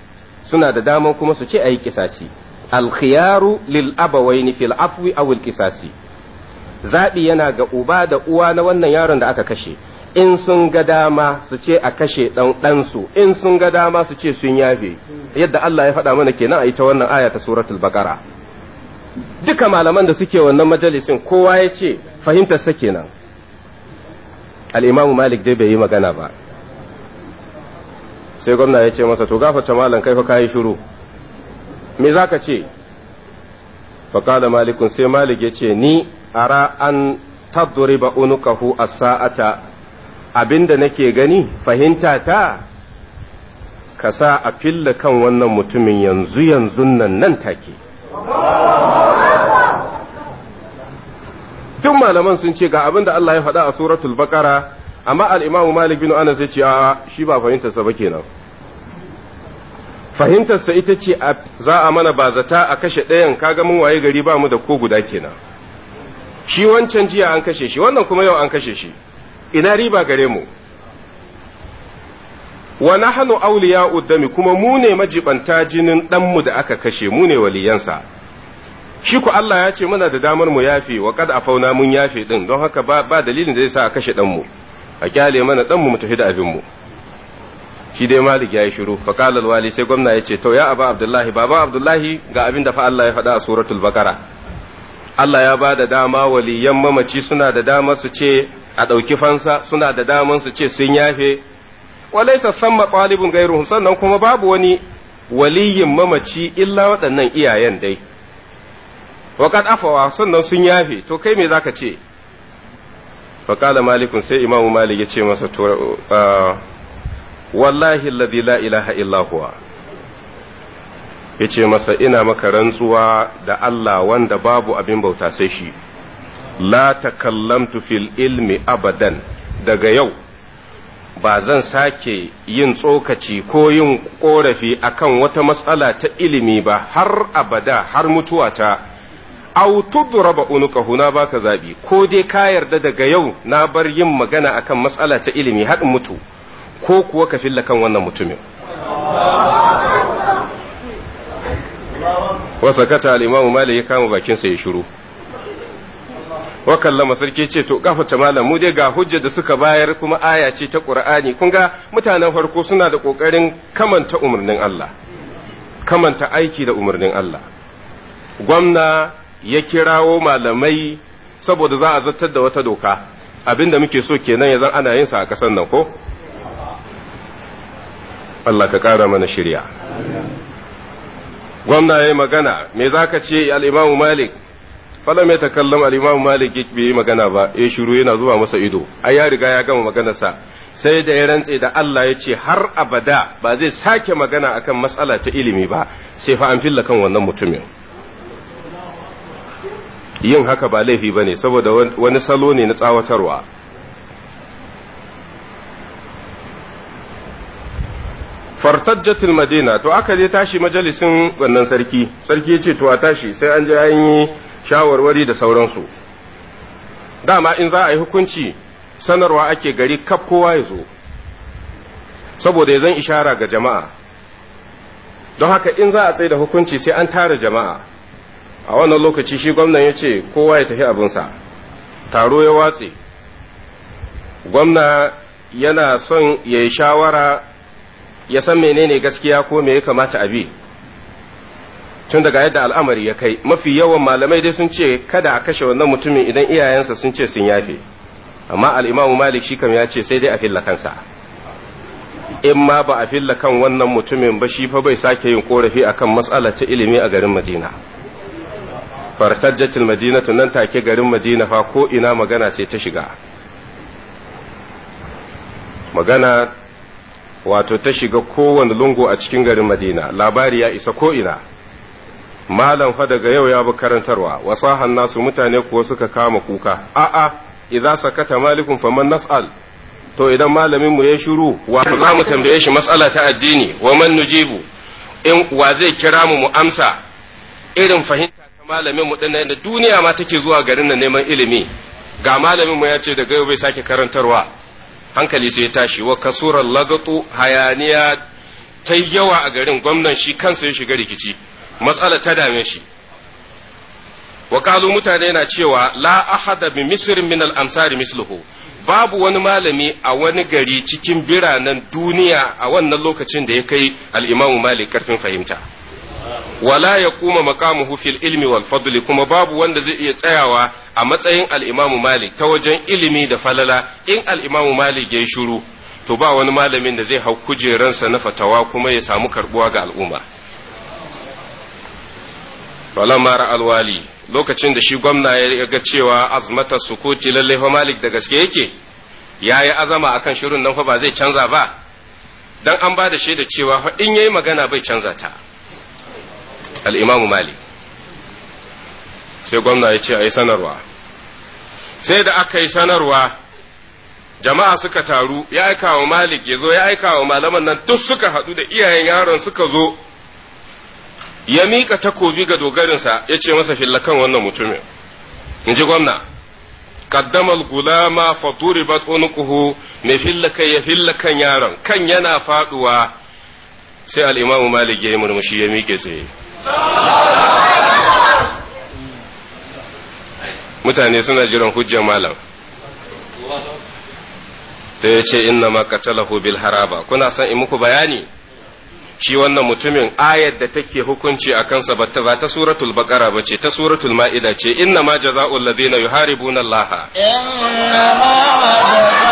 suna da daman kuma su ce a yi kisasi alkhiyaru lil abawaini fil afwi aw al kisasi zabi yana ga uba da uwa na wannan yaron da aka kashe in sun ga dama su ce a kashe dan ɗansu in sun ga dama su ce sun yafe yadda Allah ya faɗa mana kenan a ita wannan aya ta suratul baqara duka malaman da suke wannan majalisin kowa ya ce fahimtar sa kenan al-imamu malik dai bai yi magana ba sai gwamna ya ce masa to gafarta malam kai fa kayi shiru me zaka ce faqala malikun sai malik yace ce ni ara an tadriba unukahu as-sa'ata abinda nake gani fahimta ta ka sa a filla kan wannan mutumin yanzu yanzu nan nan take Tun malaman sun ce ga abin da Allah ya faɗa a suratul baqara amma al'imamu malik bin anas ya ce a shi ba fahimtarsa ba kenan fahimtarsa ita ce za a mana ba zata a kashe ɗayan kaga mun waye gari ba mu da ko guda kenan shi wancan jiya an kashe shi wannan kuma yau an kashe shi ina riba gare mu wa nahnu ya uddami kuma mu ne majibanta jinin dan mu da aka kashe mu ne waliyansa shi ku Allah ya ce muna da damar mu yafe wa kad afauna mun yafe din don haka ba dalilin da zai sa a kashe dan mu a kyale mana dan mu mu tafi da abin mu shi dai malik yi shiru fa qala wali sai gwamna ce to ya aba abdullahi baba abdullahi ga abin da fa Allah ya fada a suratul bakara. Allah ya ba da dama waliyan mamaci suna da damar su ce a ɗauki fansa suna da damar su ce sun yafe walaisa sassan ɗalibin gairuhum sannan kuma babu wani waliyin mamaci illa waɗannan iyayen dai waƙad afawa sannan sun yafe to kai me zaka ce faƙala malikun sai imamu malik ya ce masa wallahi alladhi la ilaha illa huwa masa ina maka rantsuwa da Allah wanda babu abin bauta sai shi la takallamtu fil ilmi abadan daga yau ba zan sake yin tsokaci ko yin korafi akan wata matsala ta ilimi ba har abada har mutuwata aw tudraba unuka huna baka zabi ko dai ka yarda daga yau na bar yin magana akan matsala ta ilimi haɗin mutu ko kuwa ka filla kan wannan mutumin sakata al-imamu malik ya kama bakin sa ya shiru wa kallama sarki ce to gafarta malam mu dai ga hujja da suka bayar kuma aya ce ta qur'ani kun ga mutanen farko suna da kokarin kamanta umarnin Allah kamanta aiki da umarnin Allah gwamna ya kirawo malamai saboda za a zartar da wata doka abinda muke so kenan ya zan ana yinsa sa a ƙasar nan ko Allah ka ƙara mana shirya gwamna ya yi magana me za ka ce al'imamu malik fala mai takallam al'imamu malik ya yi magana ba ya shiru yana zuwa masa ido ai ya riga ya gama maganarsa sai da ya rantse da Allah ya ce har abada ba zai sake magana akan matsala ta ilimi ba sai fa an filla kan wannan mutumin yin haka ba laifi ba ne saboda wani salo ne na tsawatarwa fartajjatul madina to aka je tashi majalisin wannan sarki sarki ya ce to a tashi sai an je an yi shawarwari da sauransu dama in za a yi hukunci sanarwa ake gari kaf kowa ya zo saboda ya zan ishara ga jama'a don haka in za a tsaye da hukunci sai an tara jama'a a wannan lokaci shi gwamnan ya ce kowa ya tafi abinsa taro ya watse gwamna yana son ya yi shawara ya san menene gaskiya ko me ya kamata a bi tun daga yadda al'amari ya kai mafi yawan malamai dai sun ce kada a kashe wannan mutumin idan iyayensa sun ce sun yafe amma al'imamu malik shi kam ya ce sai dai a filla kansa in ma ba a filla kan wannan mutumin ba shi fa bai sake yin korafi akan matsalar ta ilimi a garin madina fartajjatil madinatu nan take garin madina fa ko ina magana ce ta shiga magana wato ta shiga kowane lungu a cikin garin madina labari ya isa ko ina malam fa daga yau ya bi karantarwa wasahan nasu mutane kuwa suka kama kuka a'a idza sakata fa faman nas'al to idan malamin mu ya shiru wa za mu tambaye shi mas'ala ta addini wa man nujibu in wa zai kira mu mu amsa irin fahimta malamin mu din da duniya ma take zuwa garin nan neman ilimi ga malamin mu ya ce daga yau bai sake karantarwa hankali sai ya tashi wa kasurar lagatu hayaniya ta yawa a garin gwamnan shi kansa ya shiga rikici matsala ta dame shi wa kalu mutane na cewa la ahada bi misr min al amsari misluhu babu wani malami a wani gari cikin biranen duniya a wannan lokacin da ya kai al imamu malik karfin fahimta wala ya kuma maqamuhu fil ilmi wal fadli kuma babu wanda zai iya tsayawa a matsayin al-imamu malik ta wajen ilimi da falala in al-imamu malik yayi shiru to ba wani malamin da zai hau kujeransa na fatawa kuma ya samu karbuwa ga al'umma falamma alwali lokacin da shi gwamna ya ga cewa azmata sukuti lalle fa malik da gaske yake yayi azama akan shirin nan fa ba zai canza ba dan an ba da shaida cewa fa in yayi magana bai canza ta al'imamu malik sai gwamna ya ce a yi sanarwa sai da aka yi sanarwa jama'a suka taru ya aika wa malik ya zo ya aika wa malaman nan duk suka haɗu da iyayen yaron suka zo ya mika takobi ga dogarinsa ya ce masa fillakan wannan mutumin in ji gwamna gulama Gulama فضربت عنقه mai fillaka ya fillakan yaron kan yana faduwa sai al'imamu malik ya yi murmushi ya miƙe tsaye mutane suna jiran hujjar malam sai ya ce inna ma bil haraba kuna son in muku bayani shi wannan mutumin ayar da take hukunci a kansa ba ta ta suratul baqara ba ce ta suratul ma'ida ce inna ma jaza'ul ladina yuharibuna allaha inna ma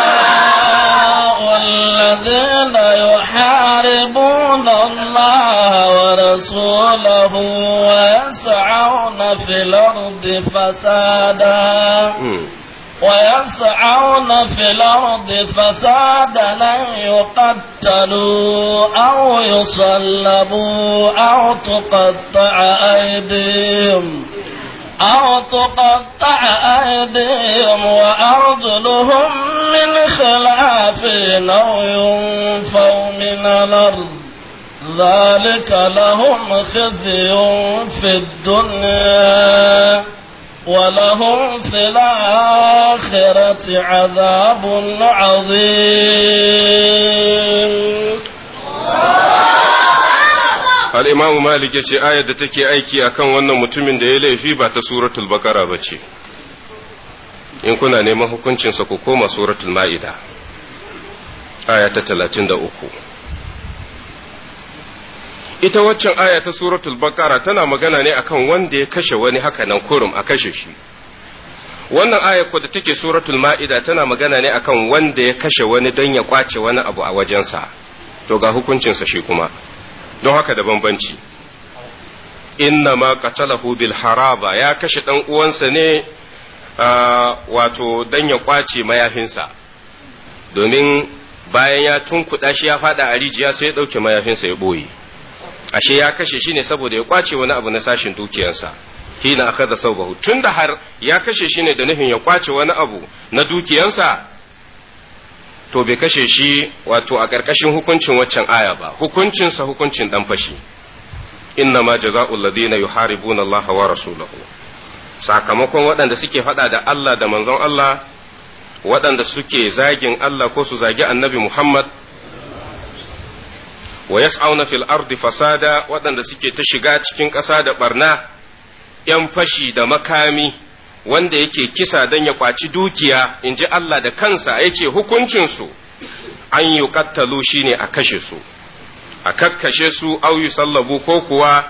والذين يحاربون الله ورسوله ويسعون في الأرض فسادا ويسعون في الأرض فسادا يقتلوا أو يصلبوا أو تقطع أيديهم أو تقطع أيديهم وأرجلهم من خلاف أو ينفوا من الأرض ذلك لهم خزي في الدنيا ولهم في الآخرة عذاب عظيم al'imamu malik ya ce ayar da take aiki akan wannan mutumin da ya laifi ba ta suratul bakara ba ce in kuna neman hukuncinsa ku koma suratul ma'ida ta talatin da uku ita waccan aya ta suratul bakara tana magana ne akan wanda ya kashe wani haka nan kurum a kashe shi wannan aya ko da take suratul ma'ida tana magana ne akan wanda ya kashe wani don ya kwace wani abu a wajensa to ga hukuncinsa shi kuma don haka da bambanci inna ma qatalahu bil haraba ya kashe dan uwansa ne wato dan ya kwace mayafinsa domin bayan ya tunkuɗa shi ya fada a rijiya sai ya ɗauke mayafinsa ya ɓoye ashe ya kashe shi ne saboda ya kwace wani abu na sashin dukiyansa hina aka da saubahu tun da har ya kashe shi ne da nufin ya kwace wani abu na dukiyarsa to bai kashe shi wato a ƙarƙashin hukuncin waccan aya ba hukuncinsa hukuncin ɗan fashi inna ma jaza'ul ladina yuharibuna Allah wa rasulahu sakamakon waɗanda suke faɗa da Allah da manzon Allah waɗanda suke zagin Allah ko su zagi annabi Muhammad wa yas'auna fil ardi fasada waɗanda suke ta shiga cikin ƙasa da barna yan fashi da makami wanda yake kisa don ya kwaci dukiya in ji Allah da kansa ya ce hukuncinsu an yi kattalo shi ne a kashe su a kakkashe su au yi sallabu ko kuwa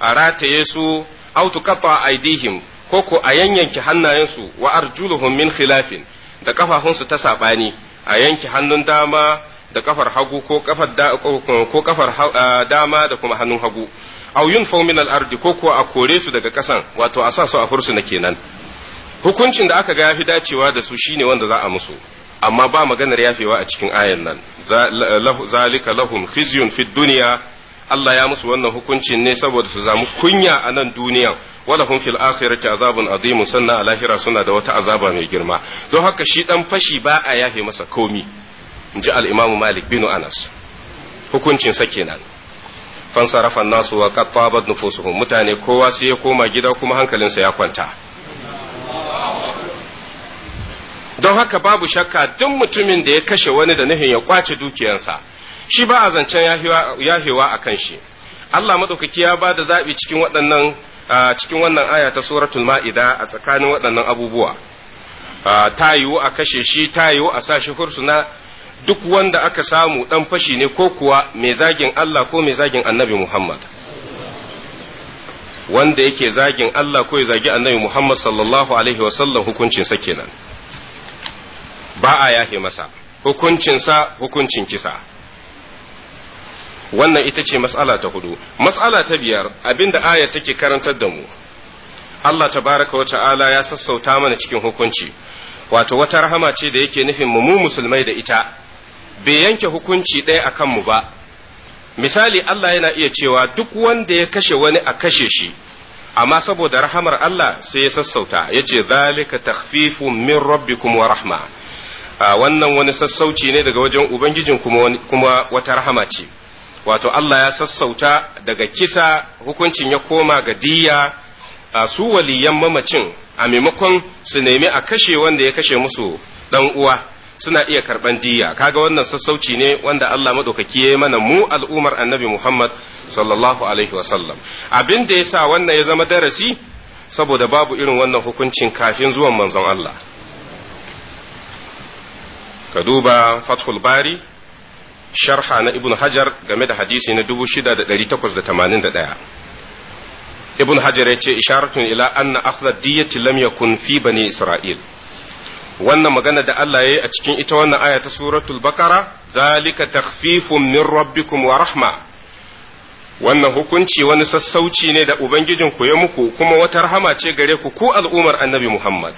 a rataye su au tuqata aidihim ko ko a yanyanki hannayensu wa arjuluhum min khilafin da kafafunsu ta saɓani. a yanki hannun dama da kafar hagu ko kafar ko kafar dama da kuma hannun hagu au yunfau min al-ardi ko ko a kore su daga kasan wato a sa su a fursuna kenan hukuncin da aka ga yafi dacewa da su shine wanda za a musu amma ba maganar yafewa a cikin ayan nan zalika lahum khizyun fid dunya Allah ya musu wannan hukuncin ne saboda su zamu kunya a nan duniya. wala hum fil akhirati azabun azim sannan a lahira suna da wata azaba mai girma don haka shi dan fashi ba a yafe masa komi inji al-imam Malik bin Anas hukuncin sa kenan fansarafa nasu wa qattabat nufusuhum mutane kowa sai ya koma gida kuma hankalinsa ya kwanta don haka babu shakka duk mutumin da ya kashe wani da nuhin ya kwace dukiyansa shi ba a zancen yahewa a kan shi Allah maɗaukaki ya ba da zaɓi cikin waɗannan cikin wannan aya ta suratul ma'ida a tsakanin waɗannan abubuwa ta yiwu a kashe shi ta yiwu a sa shi hursuna duk wanda aka samu ɗan fashi ne ko kuwa mai zagin Allah ko mai zagin annabi Muhammad wanda yake zagin Allah ko ya zagi annabi Muhammad sallallahu alaihi wasallam sa kenan ba a yafe masa hukuncin sa hukuncin kisa wannan ita ce matsala ta hudu matsala ta biyar abinda aya take karantar da mu Allah tabaraka wa ta'ala ya sassauta mana cikin hukunci wato wata rahama ce da yake nufin mu musulmai da ita bai yanke hukunci ɗaya akan mu ba misali Allah yana iya cewa duk wanda ya kashe wani a kashe shi amma saboda rahamar Allah sai ya sassauta ya ce zalika takhfifu min rabbikum wa rahma wannan wani sassauci ne daga wajen ubangijin kuma wata rahama ce wato Allah ya sassauta daga kisa hukuncin ya koma ga diya su waliyan mamacin a maimakon su nemi a kashe wanda ya kashe musu dan uwa suna iya karban diya kaga wannan sassauci ne wanda Allah madaukaki ya mana mu al'umar annabi Muhammad sallallahu alaihi wasallam abin da yasa wannan ya zama darasi saboda babu irin wannan hukuncin kafin zuwan manzon Allah ka duba fathul bari sharha na ibn hajar game da hadisi na 6881 ibn hajar ya ce isharatun ila anna akhdha diyati lam yakun fi bani isra'il wannan magana da Allah ya yi a cikin ita wannan aya ta suratul bakara zalika takhfifun min rabbikum wa rahma wannan hukunci wani sassauci ne da ubangijin ku ya muku kuma wata rahama ce gare ku ku al'umar annabi Muhammad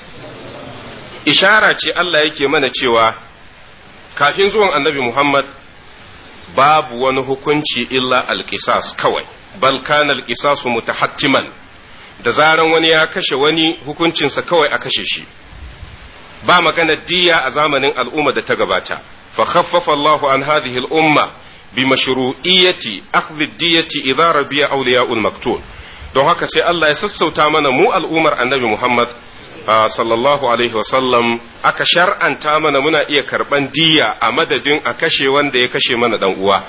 ishara ce Allah yake mana cewa kafin zuwan annabi Muhammad babu wani hukunci illa alqisas kawai bal kana alqisasu mutahattiman da zaran wani ya kashe wani hukuncinsa kawai a kashe shi ba maganar diya a zamanin al'umma da ta gabata fa khaffafa Allahu an hadhihi al'umma bi mashru'iyyati akhdh ad-diyati idza rabiya awliya'ul maktul don haka sai Allah ya sassauta mana mu al'ummar Annabi Muhammad sallallahu alaihi wasallam aka shar'anta mana muna iya karban diya a madadin a kashe wanda ya kashe mana dan uwa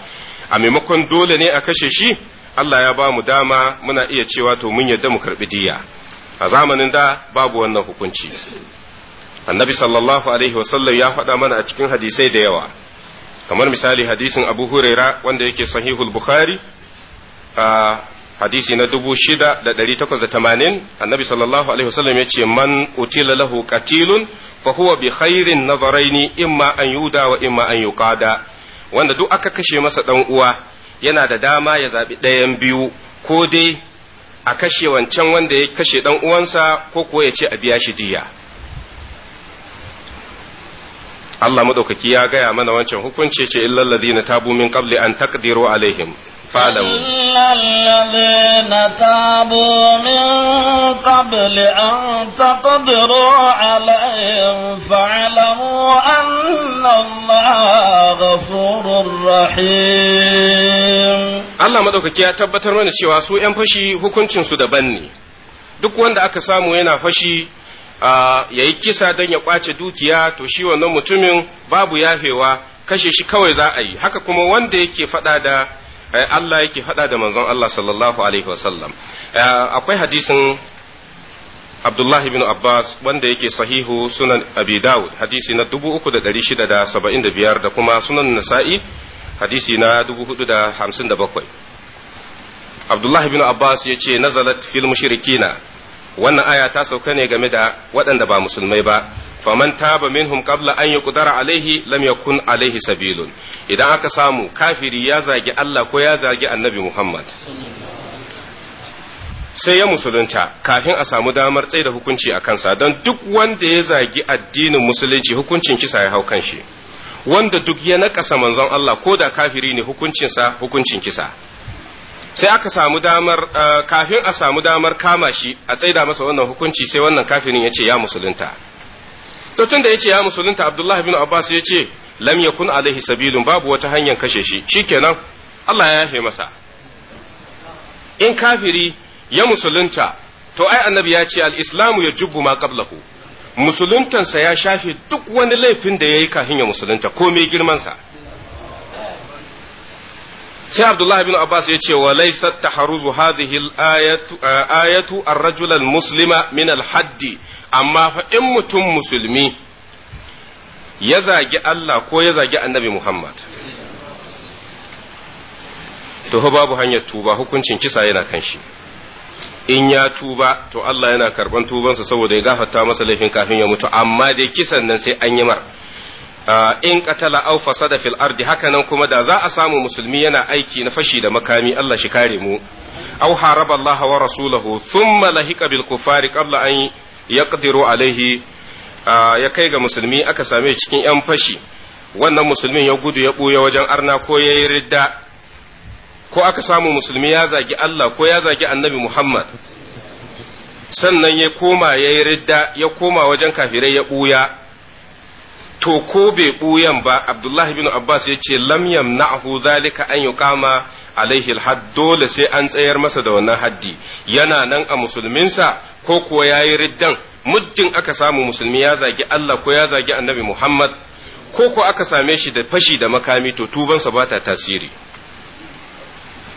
a maimakon dole ne a kashe shi Allah ya ba mu dama muna iya cewa to mun yadda mu karbi diya a zamanin da babu wannan hukunci annabi sallallahu alaihi wasallam ya faɗa mana a cikin hadisai da yawa kamar misali hadisin abu huraira wanda yake sahihul bukhari a hadisi na dubu shida da ɗari takwas da tamanin annabi sallallahu alaihi wasallam ya ce man utila lahu qatilun fa huwa bi khairin nazaraini imma an yuda wa imma an yuqada wanda duk aka kashe masa ɗan uwa yana da dama ya zaɓi ɗayan biyu ko dai a kashe wancan wanda ya kashe ɗan uwansa ko kuwa ya ce a biya shi diyya. Allah madaukaki ya gaya mana wancan hukunci ce illal ladina tabu min qabli an taqdiru alaihim fa'lam illal ladina tabu min qabli an taqdiru alaihim فاعلموا Allah madaukaki ya tabbatar mana cewa su ‘yan fashi hukuncin su daban ne, duk wanda aka samu yana fashi ya yi kisa don ya kwace dukiya to shi wannan mutumin babu yafewa kashe shi kawai za a yi haka kuma wanda yake faɗa da eh, Allah yake faɗa da manzon Allah sallallahu alaihi wasallam eh, akwai hadisin Abdullah ibn Abbas wanda yake sahihu sunan Abi Dawud hadisi na 3675 da kuma sunan Nasa'i hadisi na 457 Abdullah ibn Abbas yace nazalat fil mushrikina wannan aya ta sauka ne game da waɗanda ba musulmai ba faman taba minhum qabla an yuqdara alaihi lam yakun alaihi sabilun idan aka samu kafiri ya zagi Allah ko ya zagi Annabi Muhammad sai ya musulunta kafin a samu damar tsaye da hukunci a kansa don duk wanda ya zagi addinin musulunci hukuncin kisa ya hau kan shi wanda duk ya naƙasa manzon Allah ko da kafiri ne hukuncinsa hukuncin kisa sai aka samu damar eh, kafin a samu damar kama shi a tsaida masa wannan hukunci sai wannan kafirin ya ce ya musulunta to tun da ya ce ya musulunta abdullahi bin abbas ya ce lam yakun alaihi sabilun babu wata hanyar kashe shi kenan Allah ya yafe masa in kafiri ya musulunta to ai annabi ya ce al-islamu ya jubbu ma qablahu musuluntansa ya shafe duk wani laifin da ya yi kafin ya musulunta ko mai girmansa sai abdullahi bin abbas ya ce wa laysat taharuzu hadhihi ayatu ayatu ar-rajul al-muslima min al-hadd amma fa in mutum musulmi ya zagi Allah ko ya zagi annabi Muhammad to fa babu hanyar tuba hukuncin kisa yana kan shi in ya tuba to Allah yana karban tubansa saboda ya gafarta masa laifin kafin ya mutu amma dai kisan nan sai an yi mar Ah, in katala aw fasada fil ardi hakanan kuma da za a samu musulmi yana aiki na fashi da makami Allah shi kare mu aw haraba Allah wa rasulahu thumma lahiqa bil kufari qabla an yaqdiru alaihi ah, ya kai ga musulmi aka same cikin yan fashi wannan musulmin ya gudu ya buya wajen arna ko ya ridda ko aka samu musulmi ya zagi Allah ko ya zagi annabi Muhammad sannan ya koma ya ridda ya koma wajen kafirai ya buya. to ko bai ɓuyan ba abdullahi bin abbas ya ce lam yamna'hu zalika an yuqama alaihi alhad dole sai an tsayar masa da wannan haddi yana nan a musulminsa ko kuwa yayi riddan muddin aka samu musulmi ya zagi Allah ko ya zagi annabi Muhammad ko ko aka same shi da fashi da makami to tubansa ba ta tasiri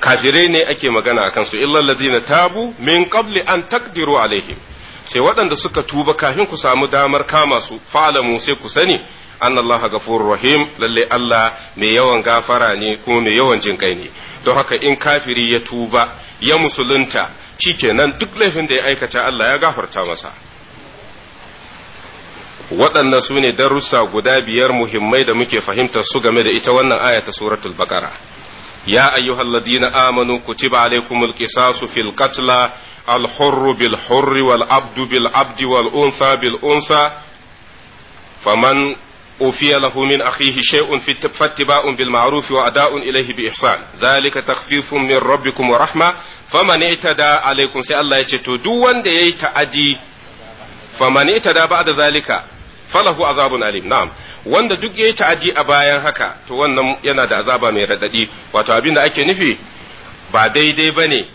kafirai ne ake magana akan su illal ladina tabu min qabli an takdiru alaihim sai waɗanda suka tuba kafin ku samu damar kama su fa'alamu sai ku sani annallaha gafurur rahim lalle Allah mai yawan gafara ne ko mai yawan jin kai ne don haka in kafiri ya tuba ya musulunta shikenan duk laifin da ya aikata Allah ya gafarta masa waɗannan su ne darussa guda biyar muhimmai da muke fahimtar su game da ita wannan aya ta suratul baqara ya ayyuhal ladina amanu kutiba alaykumul qisasu fil qatla al hurr bil wal abdu bil wal untha bil untha faman أوفي له من أخيه شيء فاتباع بالمعروف وأداء إليه بإحسان ذلك تخفيف من ربكم ورحمة فمن اعتدى عليكم سي الله يتو دو وند يتعدي فمن اعتدى بعد ذلك فله عذاب أليم نعم wanda duk ya yi ta'adi a bayan haka to wannan yana da azaba mai raɗaɗi wato abin da ake nufi ba daidai ba ne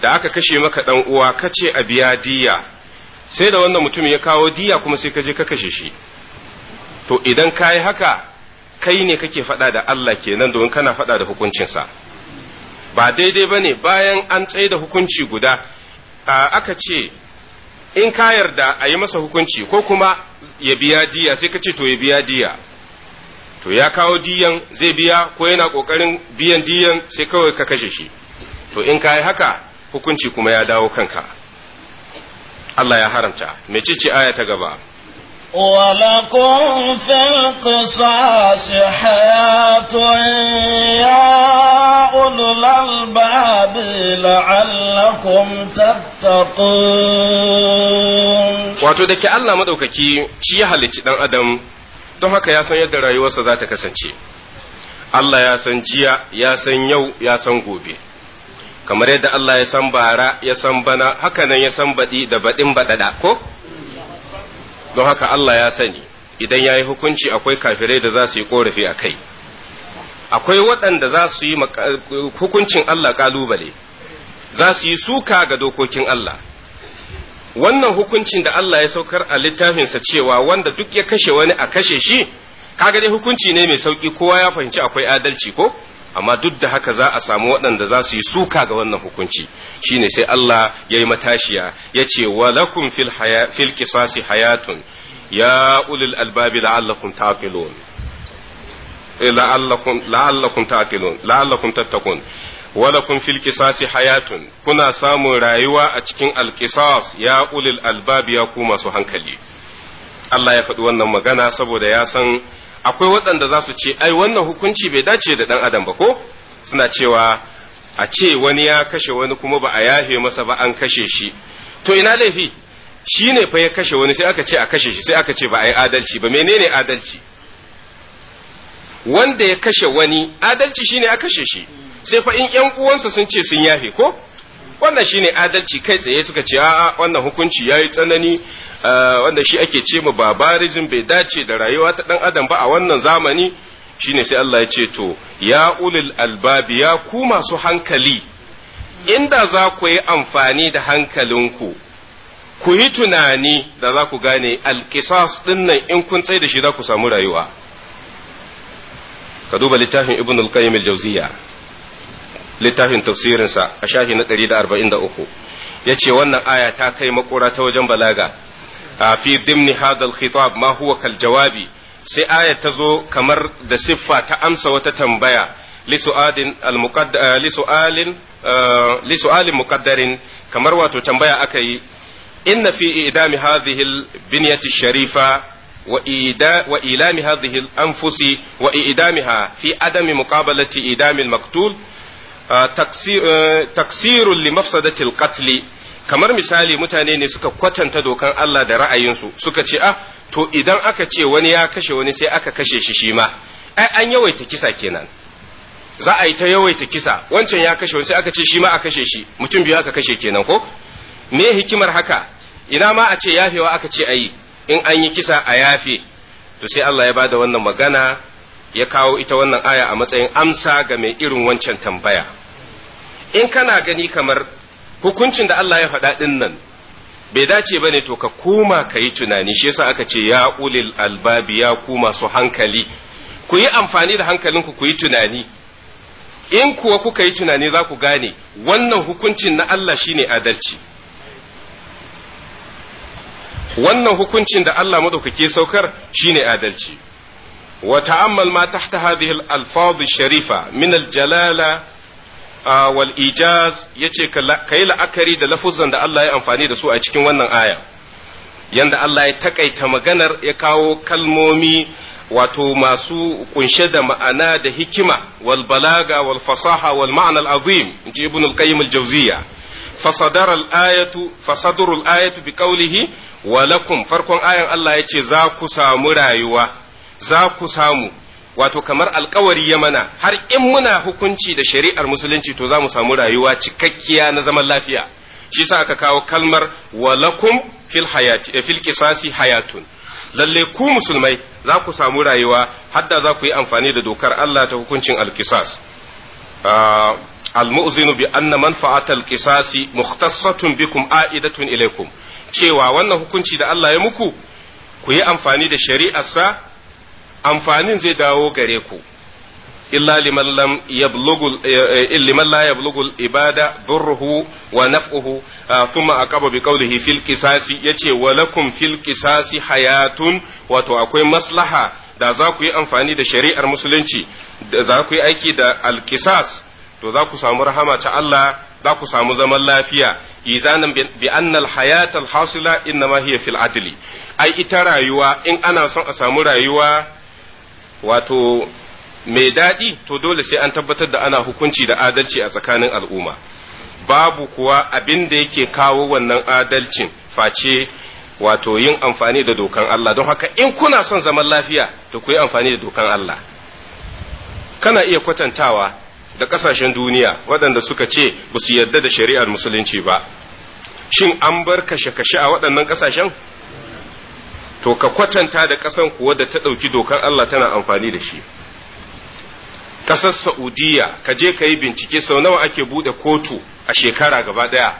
da aka kashe maka ɗan uwa kace a biya diya sai da wannan mutum ya kawo diya kuma sai ka je ka kashe shi to idan ka yi haka kai ne kake faɗa da Allah kenan domin kana faɗa da hukuncinsa ba daidai ba ne bayan an tsaye da hukunci guda aka ce in ka yarda a yi masa hukunci ko kuma ya biya diya sai ka ce to ya biya diya to ya kawo diyan zai biya ko yana ƙoƙarin biyan diyan sai kawai ka kashe shi to in ka yi haka hukunci kuma ya dawo kanka Allah ya haramta ce aya ta gaba ولكم في القصاص حياة يا أولو الألباب لعلكم تتقون wato da ke Allah maɗaukaki shi ya halicci ɗan adam don haka ya san yadda rayuwarsa za ta kasance Allah ya san jiya ya san yau ya san gobe kamar yadda Allah ya san bara ya san bana hakanan ya san baɗi da baɗin baɗaɗa ko don haka Allah ya sani idan ya yi hukunci akwai kafirai da za su yi korafi a kai akwai waɗanda za su yi hukuncin Allah ƙalubale za su yi suka ga dokokin Allah wannan hukuncin da Allah ya saukar a littafinsa cewa wanda duk ya kashe wani a kashe shi kaga dai hukunci ne mai sauƙi kowa ya fahimci akwai adalci ko amma duk da haka za a samu waɗanda za su yi suka ga wannan hukunci shine sai Allah ya yi matashiya ya ce wa lakum fil kisasi hayatun ya ulil albabi la'allakum taqilun eh, la'allakum taqilun la'allakum tattaqun wa hayatun kuna samun rayuwa a cikin alkisas ya ulil albabi ya ku masu hankali Allah ya faɗi wannan magana saboda ya san akwai waɗanda za su ce ai wannan hukunci bai dace da ɗan adam ba ko suna cewa a ce wani ya kashe wani kuma ba a yahe masa ba an kashe shi to ina laifi shi ne fa ya kashe wani sai aka ce a kashe shi sai aka ce ba a yi adalci ba menene adalci wanda ya kashe wani adalci shine a kashe shi sai fa in yan uwansa sun ce sun yafe ko wannan shine adalci kai tsaye suka ce a'a wannan hukunci yayi tsanani Eh, wanda shi ake ce mu barbarism bai dace da rayuwa ta dan adam ba a wannan zamani shine sai Allah ya ce to ya ulil albabi ya ku masu hankali inda za ku yi amfani da hankalinku ku yi tunani da za ku gane alkisas nan in kun tsaye da shi za ku samu rayuwa ka duba littafin ibn al-qayyim al-jawziya littafin tafsirinsa a shafi na 143 yace wannan aya ta kai makura ta wajen balaga fi dimni hadal khitab ma huwa kal jawabi sai ayat ta zo kamar da siffa ta amsa wata tambaya lisu'alin lisu'alin muqaddarin kamar wato tambaya aka yi inna fi sharifa وإيلام هذه الأنفس وإدامها في عدم مقابلة إدام المقتول تقصير لمفسدة القتل kamar misali mutane ne suka kwatanta dokan Allah da ra'ayinsu suka ce ah to idan aka ce wani ya kashe wani sai aka kashe shi shi ma ai an yawaita kisa kenan za a yi ta yawaita kisa wancan ya kashe wani sai aka ce shi ma a kashe shi mutum biyu aka kashe kenan ko me hikimar haka ina ma a ce yafewa aka ce ayi in an yi kisa a yafe to sai Allah ya bada wannan magana ya kawo ita wannan aya a matsayin amsa ga mai irin wancan tambaya in kana gani kamar hukuncin da Allah ya faɗa ɗin nan bai dace ba ne to ka koma ka yi tunani shi yasa aka ce ya ulil albabi ya ku masu hankali ku yi amfani da hankalinku ku yi tunani in kuwa kuka yi tunani za ku gane wannan hukuncin na Allah ne adalci wannan hukuncin da Allah madaukake saukar shine adalci wa ta'ammal ma tahta hadhihi al-alfaz sharifa min al-jalala wal ijaz yace ka yi la'akari da lafuzan da Allah ya amfani da su a cikin wannan aya yanda Allah ya takaita maganar ya kawo kalmomi wato masu kunshe da ma'ana da hikima wal balaga wal fasaha wal ma'ana al azim inji ibn al qayyim al jawziya fasadar al ayatu fasadur al ayatu bi qawlihi wa lakum farkon ayan Allah yace za ku samu rayuwa za ku samu wato kamar alkawari ya mana har in muna hukunci da shari'ar musulunci to za mu samu rayuwa cikakkiya na zaman lafiya shi sa aka kawo kalmar walakum fil hayati eh, fil qisasi hayatun lalle ku musulmai za ku samu rayuwa hadda za ku yi amfani da dokar Allah ta hukuncin alkisas المؤذن بأن منفعة القصاص مختصة بكم عائدة إليكم cewa wannan hukuncin da Allah ya muku ku yi amfani da shari'arsa amfanin zai dawo gare ku illa eh, eh, la yablugul ibada burruhu wa naf'uhu ah, thumma aqaba bi qawlihi fil qisasi yace wa lakum fil qisasi hayatun wato akwai maslaha da za ku yi amfani da shari'ar musulunci da za ku yi aiki da alkisas to za ku samu rahama ta Allah za ku samu zaman lafiya izanan bi annal hayat al hasila innama hiya fil adli ai ita rayuwa in ana son a samu rayuwa wato mai daɗi to dole sai an tabbatar da ana hukunci da adalci a tsakanin al'umma babu kuwa abin da yake kawo wannan adalcin face wato yin amfani da dokan Allah don haka in kuna son zaman lafiya to ku yi amfani da dokan Allah kana iya kwatantawa da ƙasashen duniya waɗanda suka ce ba su yarda da shari'ar musulunci ba shin an bar kashe-kashe a waɗannan ƙasashen to ka kwatanta da ƙasan kuwa da ta ɗauki dokar Allah tana amfani da shi ƙasar Saudiya ka je ka yi bincike sau nawa ake buɗe kotu a shekara gaba ɗaya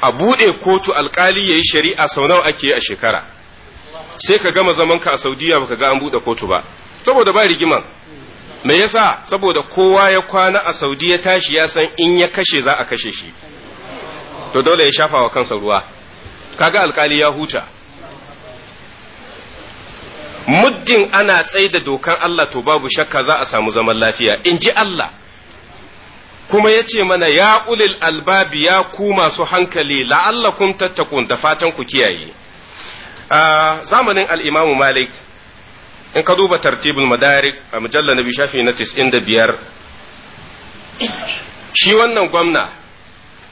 a buɗe kotu alkali ya yi shari'a sau nawa ake yi a shekara sai ka gama zaman ka a Saudiya baka ga an buɗe kotu ba saboda ba rigiman me yasa saboda kowa ya kwana a Saudiyya tashi ya san in ya kashe za a kashe shi to dole ya shafa wa kansa ruwa kaga alkali ya huta muddin ana tsaye da dokan Allah to babu shakka za a samu zaman lafiya in ji Allah kuma ya ce mana ya ulil albabi ya ku masu hankali la'allakum tattakun da fatan ku kiyaye a zamanin al'imamu malik in ka duba tartibul madarik a mujalla na shafi na da biyar shi wannan gwamna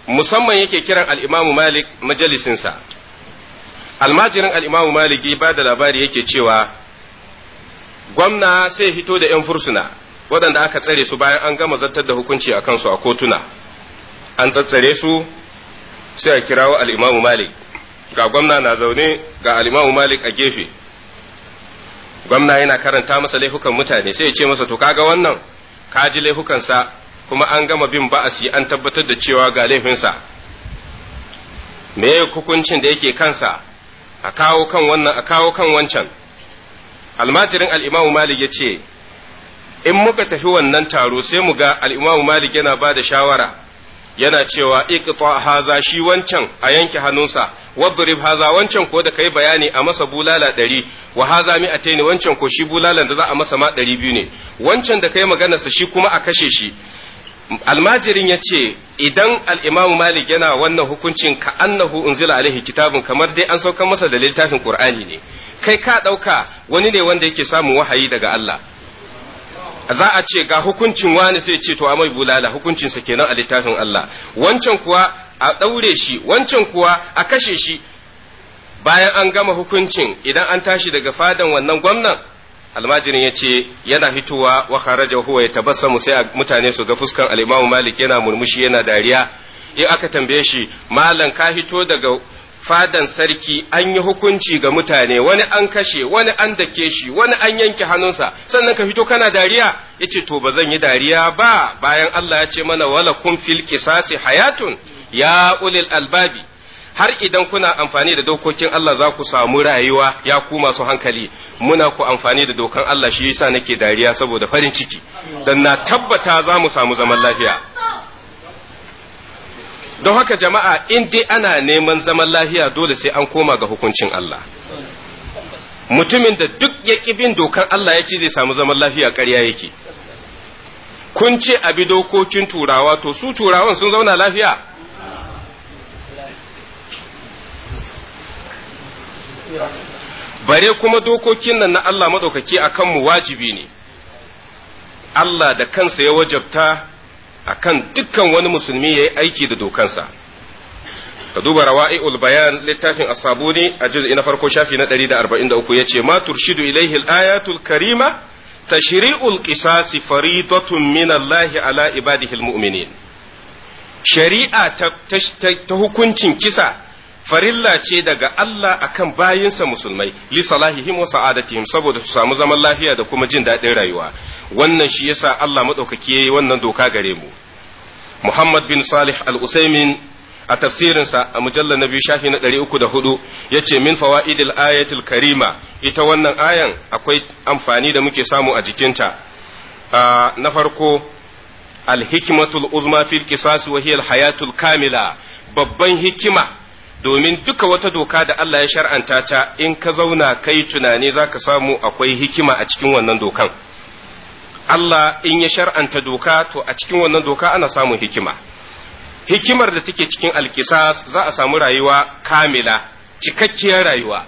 musamman yake kiran al'imamu malik majalisinsa almajirin al'imamu malik ba da labari yake cewa gwamna sai hito da 'yan fursuna waɗanda aka tsare su bayan an gama zartar da hukunci a kansu a kotuna an tsatsare su sai a kirawo al'imamu malik ga gwamna na zaune ga al'imamu malik a gefe gwamna yana karanta masa laifukan mutane sai ya ce masa to kaga wannan ka ji laifukansa kuma an gama bin ba'asi an tabbatar da cewa ga laifinsa me hukuncin da yake kansa a kawo kan wannan a kawo kan wancan almajirin al'imamu malik ya ce in muka tafi wannan taro sai mu ga al'imamu malik yana ba da shawara yana cewa iqta haza shi wancan a yanke hannunsa wadrib haza wancan ko da kai bayani a masa bulala ɗari wa haza mi'atain wancan ko shi bulalan da za a masa ma ɗari biyu ne wancan da kai maganarsa shi kuma a kashe shi almajirin ya ce idan al'imamu malik yana wannan hukuncin ka annahu unzila alaihi kitabun kamar dai an saukar masa da littafin ƙur'ani ne kai ka ɗauka wani ne wanda yake samun wahayi daga Allah za a ce ga hukuncin wani sai ce to amai bulala hukuncinsa kenan a littafin Allah wancan kuwa a ɗaure shi wancan kuwa a kashe shi bayan an gama hukuncin idan an tashi daga fadan wannan gwamnan almajirin ya ce yana hitowa wa kharaja huwa ya tabassamu sai mutane su ga fuskan al Malik yana murmushi yana dariya in aka tambaye shi malam ka hito daga fadan sarki an yi hukunci ga mutane wani an kashe wani an dake shi wani an yanke hannunsa sannan ka fito kana dariya ya ce to ba zan yi dariya ba bayan Allah ya ce mana wala kun fil kisasi hayatun ya ulil albabi har idan kuna amfani da dokokin Allah za ku samu rayuwa ya ku masu hankali muna ku amfani da dokan Allah shi yasa nake dariya saboda farin ciki dan na tabbata za mu samu zaman lafiya don haka jama'a in dai ana neman zaman lafiya dole sai an koma ga hukuncin Allah mutumin da duk ya bin dokan Allah ya ce zai samu zaman lafiya ƙarya yake kun ce a bi dokokin turawa to su turawan sun zauna lafiya bare kuma dokokin nan na Allah maɗaukaki a kanmu wajibi ne Allah da kansa ya wajabta akan dukkan wani musulmi ya yi aiki da dokansa ka duba rawa'i'ul bayan littafin asabuni a juz'i na farko shafi na 143 yace ma turshidu ilaihi al-ayatul karima tashri'ul qisas faridatun min Allah ala ibadihi al-mu'minin shari'a ta hukuncin kisa farilla ce daga Allah akan bayinsa musulmai li salahihim wa sa'adatihim saboda su samu zaman lafiya da kuma jin daɗin rayuwa wannan shi yasa Allah maɗaukaki yayi wannan doka gare mu Muhammad bin Salih al-Usaimin a tafsirinsa a mujallar na biyu shafi na ɗari uku da hudu ya ce min fawa'idil ayatul karima ita wannan ayan akwai amfani da muke samu a jikinta na farko Alhikimatul uzma fil qisas wa hiya kamila babban hikima domin duka wata doka da Allah ya shar'anta ta in ka zauna kai tunani zaka samu akwai hikima a cikin wannan dokan Allah in ya shar'anta doka to a cikin wannan doka ana samun hikima hikimar da take cikin alkisas za a samu rayuwa kamila cikakkiyar rayuwa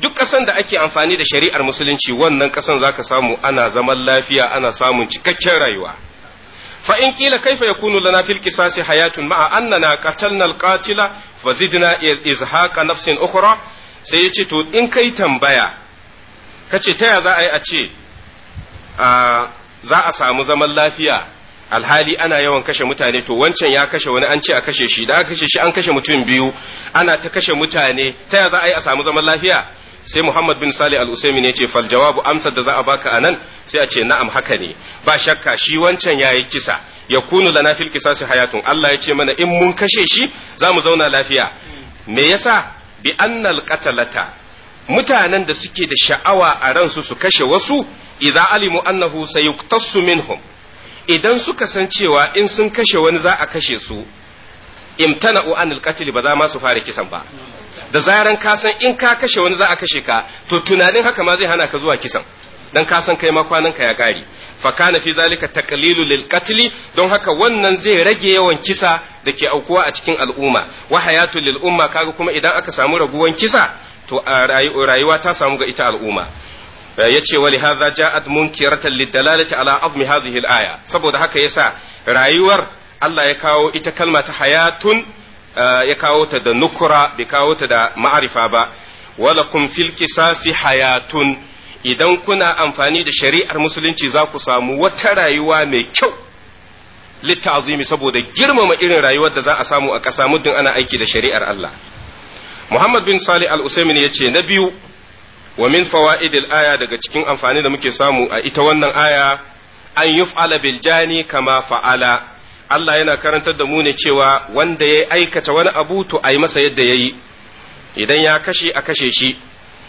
duk ƙasan da ake amfani da shari'ar musulunci wannan ƙasan za ka samu ana zaman lafiya ana samun cikakken rayuwa fa in kila kaifa kunu lana fil qisasi hayatun ma'a annana qatalna al qatila fa zidna izhaqa nafsin ukhra sai yace to in kai tambaya kace taya za a yi a ce za a samu zaman lafiya alhali ana yawan kashe mutane to wancan ya kashe wani an ce a kashe shi da aka kashe shi an kashe mutum biyu ana ta kashe mutane ta ya za a yi a samu zaman lafiya sai Muhammad bin Salih al-Usaimi ne ce fal jawabu amsar da za a baka anan sai a ce na'am haka ne ba shakka shi wancan yayi kisa yakunu lana fil haya hayatun Allah ya ce mana in mun kashe shi za mu zauna lafiya me yasa bi annal qatalata mutanen da suke da sha'awa a ransu su kashe wasu idan alimu annahu sayuktassu minhum idan suka san cewa in sun kashe wani za a kashe su imtana'u anil qatl ba za ma su fara kisan ba da zaran ka san in ka kashe wani za a kashe ka to tunanin haka ma zai hana ka zuwa kisan dan ka san kai ma kwanan ka ya kare fa kana fi zalika taqlilu lil qatl don haka wannan zai rage yawan kisa da ke aukuwa a cikin al'umma wa hayatu lil umma kaga kuma idan aka samu raguwan kisa to a rayuwa ta samu ga ita al'umma eh, yace wali hadha ja'at munkiratan lidalalati ala azmi hadhihi al-aya saboda haka yasa rayuwar Allah ya kawo ita kalma ta hayatun eh, ya kawo ta da nukura bai kawo ta da ma'arifa ba wala kun fil qisasi hayatun idan kuna amfani da shari'ar musulunci za ku samu wata rayuwa mai kyau littazimi saboda girmama irin rayuwar da za a samu a ƙasa muddin ana aiki da shari'ar Allah Muhammad bin Salih al-Usaimin ya ce na biyu wa min fawaidil aya daga cikin amfani da muke samu a ita wannan aya an yuf'ala bil jani kama fa'ala Allah yana karantar da mu ne cewa wanda ya aikata wani abu to a yi masa yadda ya yi idan ya kashe a kashe shi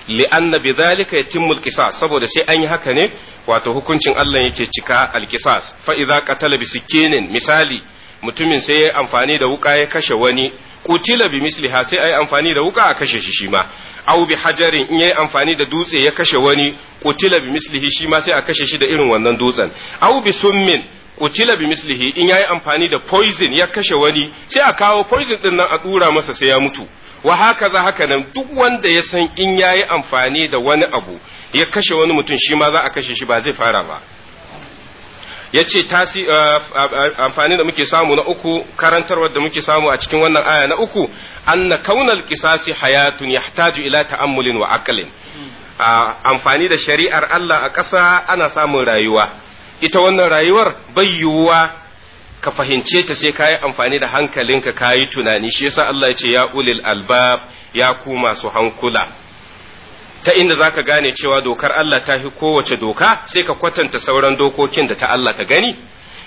li'anna bi zalika yatimmul qisas saboda sai an yi haka ne wato hukuncin Allah yake cika alkisas fa idza qatala bi sikinin misali mutumin sai ya amfani da wuka ya kashe wani kutila bi misliha sai ayi amfani da wuka a kashe shi shi ma au bi hajarin in yayi amfani da dutse ya kashe wani kutila bi mislihi shi ma sai a kashe shi da irin wannan dutsen au bi summin kutila bi mislihi in yayi amfani da poison ya kashe wani sai a kawo poison din nan a dura masa sai ya mutu wa haka za haka nan duk wanda ya san in yayi amfani da wani abu ya kashe wani mutum shi ma za a kashe shi ba zai fara ba ya ce eh, amfani da muke samu na uku karantarwar da muke samu a cikin wannan aya na uku an na kaunal qisasi hayatun yahtaju ila ta'ammulin wa aqlin amfani da shari'ar Allah a ƙasa ana samun rayuwa ita wannan rayuwar bai yiwuwa ka fahimce ta sai kayi amfani da hankalinka kayi tunani shi yasa Allah ya ce ya ulil albab ya ku masu hankula ta inda za ka gane cewa dokar Allah ta fi kowace doka sai ka kwatanta sauran dokokin da ta Allah ka gani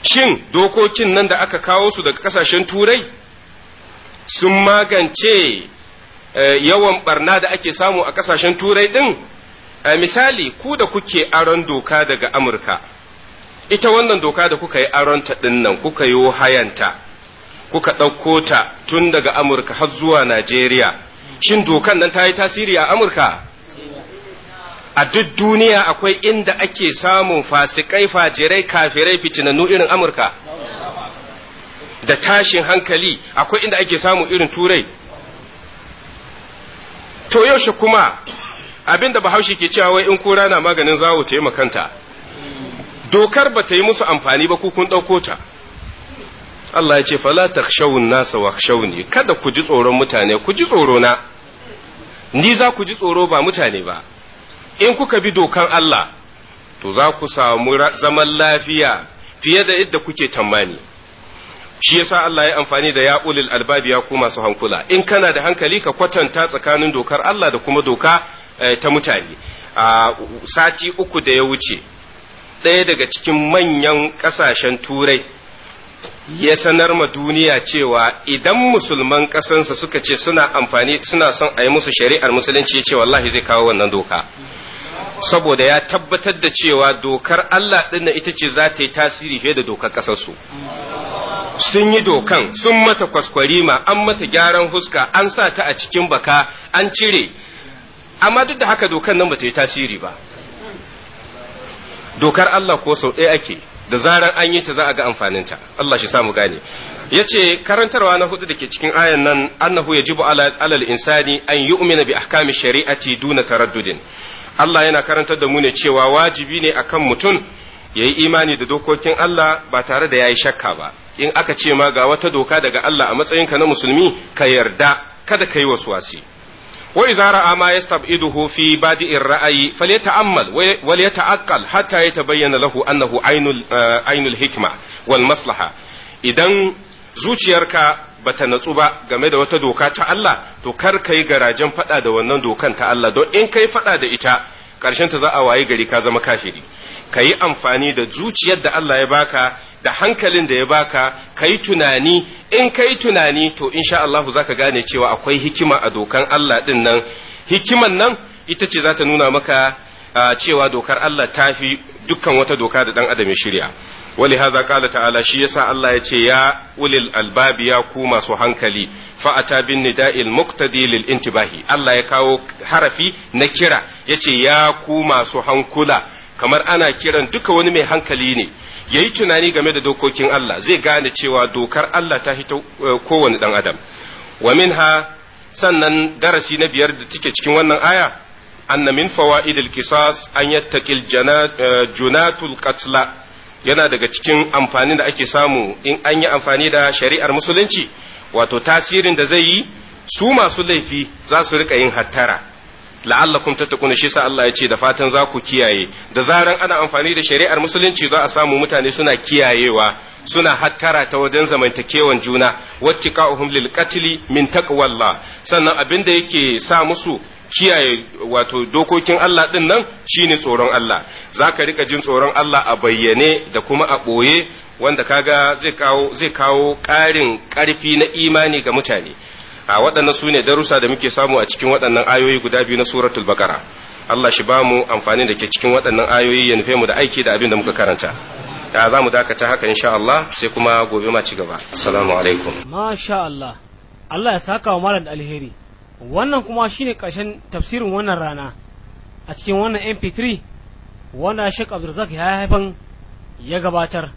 shin dokokin nan da aka kawo su daga kasashen turai sun magance eh, yawan barna da ake samu a kasashen turai din misali ku da kuke aron doka daga amurka ita wannan doka da kuka yi aronta din nan kuka yi hayanta kuka ɗauko ta tun daga amurka har zuwa najeriya shin dokan nan ta yi tasiri a amurka a duk duniya akwai inda ake samun fasikai fajirai kafirai fitinannu irin amurka da tashin hankali akwai inda ake samun irin turai to yaushe kuma abinda bahaushe ke cewa wai in kura na maganin zawo ta yi makanta dokar ba ta yi musu amfani ba kun ɗauko ta Allah ya ce fala shawun nasa wa kada ku ji tsoron mutane ku ji tsoro na ni za ku ji tsoro ba mutane ba in kuka bi dokan Allah to za ku samu zaman lafiya fiye da yadda kuke tambani shi yasa Allah ya amfani da ya ulil albabi ya kuma masu hankula in kana da hankali ka kwatanta tsakanin dokar Allah da kuma doka eh, ta mutane a sati uku da ya wuce ɗaya daga cikin manyan kasashen turai ya sanar ma duniya cewa idan musulman ƙasansa suka ce suna amfani suna son a yi musu shari'ar musulunci ya ce wallahi zai kawo wannan doka saboda ya tabbatar da cewa dokar Allah ɗin ita ce za ta yi tasiri fiye da dokar ƙasarsu. Sun yi dokan, sun mata kwaskwarima, an mata gyaran huska, an sa ta a cikin baka, an cire, amma duk da haka dokan nan ba ta yi tasiri ba. Dokar Allah ko sau ɗaya ake, da zarar an yi ta za a ga amfaninta, Allah shi samu gane. ya ce karantarwa na hudu da ke cikin ayan nan annahu yajibu alal insani an yi umina bi ahkami shari'ati duna taraddudin Allah yana karantar da mu ne cewa wajibi ne akan mutum ya yi imani da dokokin Allah ba tare da ya yi shakka ba in aka ce ma ga wata doka daga Allah a matsayinka na musulmi ka yarda kada ka yi wasu wasi wai iza ra'a ma ya fi badi'ir ra'ayi falyata'ammal ya liyata'aqqal hatta yatabayyana lahu annahu eh, ainul hikma wal maslaha idan zuciyarka bata natsu ba game da wata doka ta Allah to kar ka yi garajen faɗa da wannan dokan ta Allah don in kai fada faɗa da ita ƙarshen ta za a wayi gari ka zama kafiri ka yi amfani da zuciyar da Allah ya baka da hankalin da ya baka ka yi tunani in ka yi tunani to insha Allah za ka gane cewa akwai hikima a dokan Allah ɗin nan hikiman nan ita ce za ta nuna maka ah, cewa dokar Allah ta fi dukkan wata doka da ɗan adam ya shirya wali haza qala ta'ala shi yasa Allah ya ce ya ulil albabi ya ku masu hankali fa ata da'il nida'il intibahi Allah ya kawo harafi na kira ya ce ya ku masu hankula kamar ana kiran duka wani mai hankali ne yayi tunani game da dokokin Allah zai gane cewa dokar Allah ta hito kowane dan adam wa min ha sannan darasi na biyar da take cikin wannan aya anna min fawaidil qisas an yattaqil junatul qatla yana daga cikin amfanin da ake samu in an yi amfani da shari'ar musulunci wato tasirin da zai yi su masu laifi za su rika yin hattara la'allakum tattaquna shi sa Allah ya ce da fatan za ku kiyaye da zaran ana amfani da shari'ar musulunci za a samu mutane suna kiyayewa suna hattara ta wajen zamantakewan juna wattika'uhum lil qatli min taqwallah sannan abin da yake sa musu kiyaye wato dokokin Allah ɗin nan shine tsoron Allah za ka rika jin tsoron Allah a bayyane da kuma a ɓoye wanda kaga zai kawo zai kawo ƙarin ƙarfi na imani ga mutane a waɗannan su ne darussa da muke samu a cikin waɗannan ayoyi guda biyu na suratul baqara Allah shi ba mu amfani da ke cikin waɗannan ayoyi ya nufe mu da aiki da abin da muka karanta da za mu dakata haka insha Allah sai kuma gobe ma ci gaba assalamu alaikum masha Allah Allah ya saka wa malam alheri wannan kuma shine ƙarshen tafsirin wannan rana a cikin wannan mp3 wanda shek abdulrazak ya haifan ya gabatar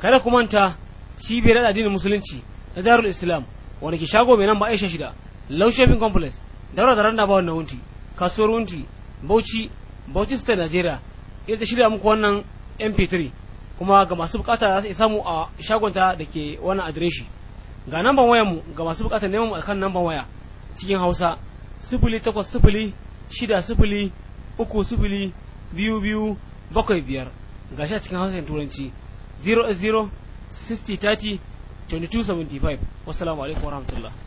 kada ku manta cibiyar addinin musulunci na darul islam wanda ke shago mai nan ba aisha shida low shopping complex daura da randa ba wannan wunti kasuwar wunti bauchi bauchi state nigeria ita ta shirya muku wannan mp3 kuma ga masu bukata za su samu a shagonta da ke wannan adireshi ga namban wayanmu ga masu bukatar neman akan namban waya cikin hausa sifili takwas sifili shida sifili uku sifili biyu biyu bakwai biyar ga sha cikin hausa yin turanci 0 0 60 30 22 75 wasu alaikum warahmatullahi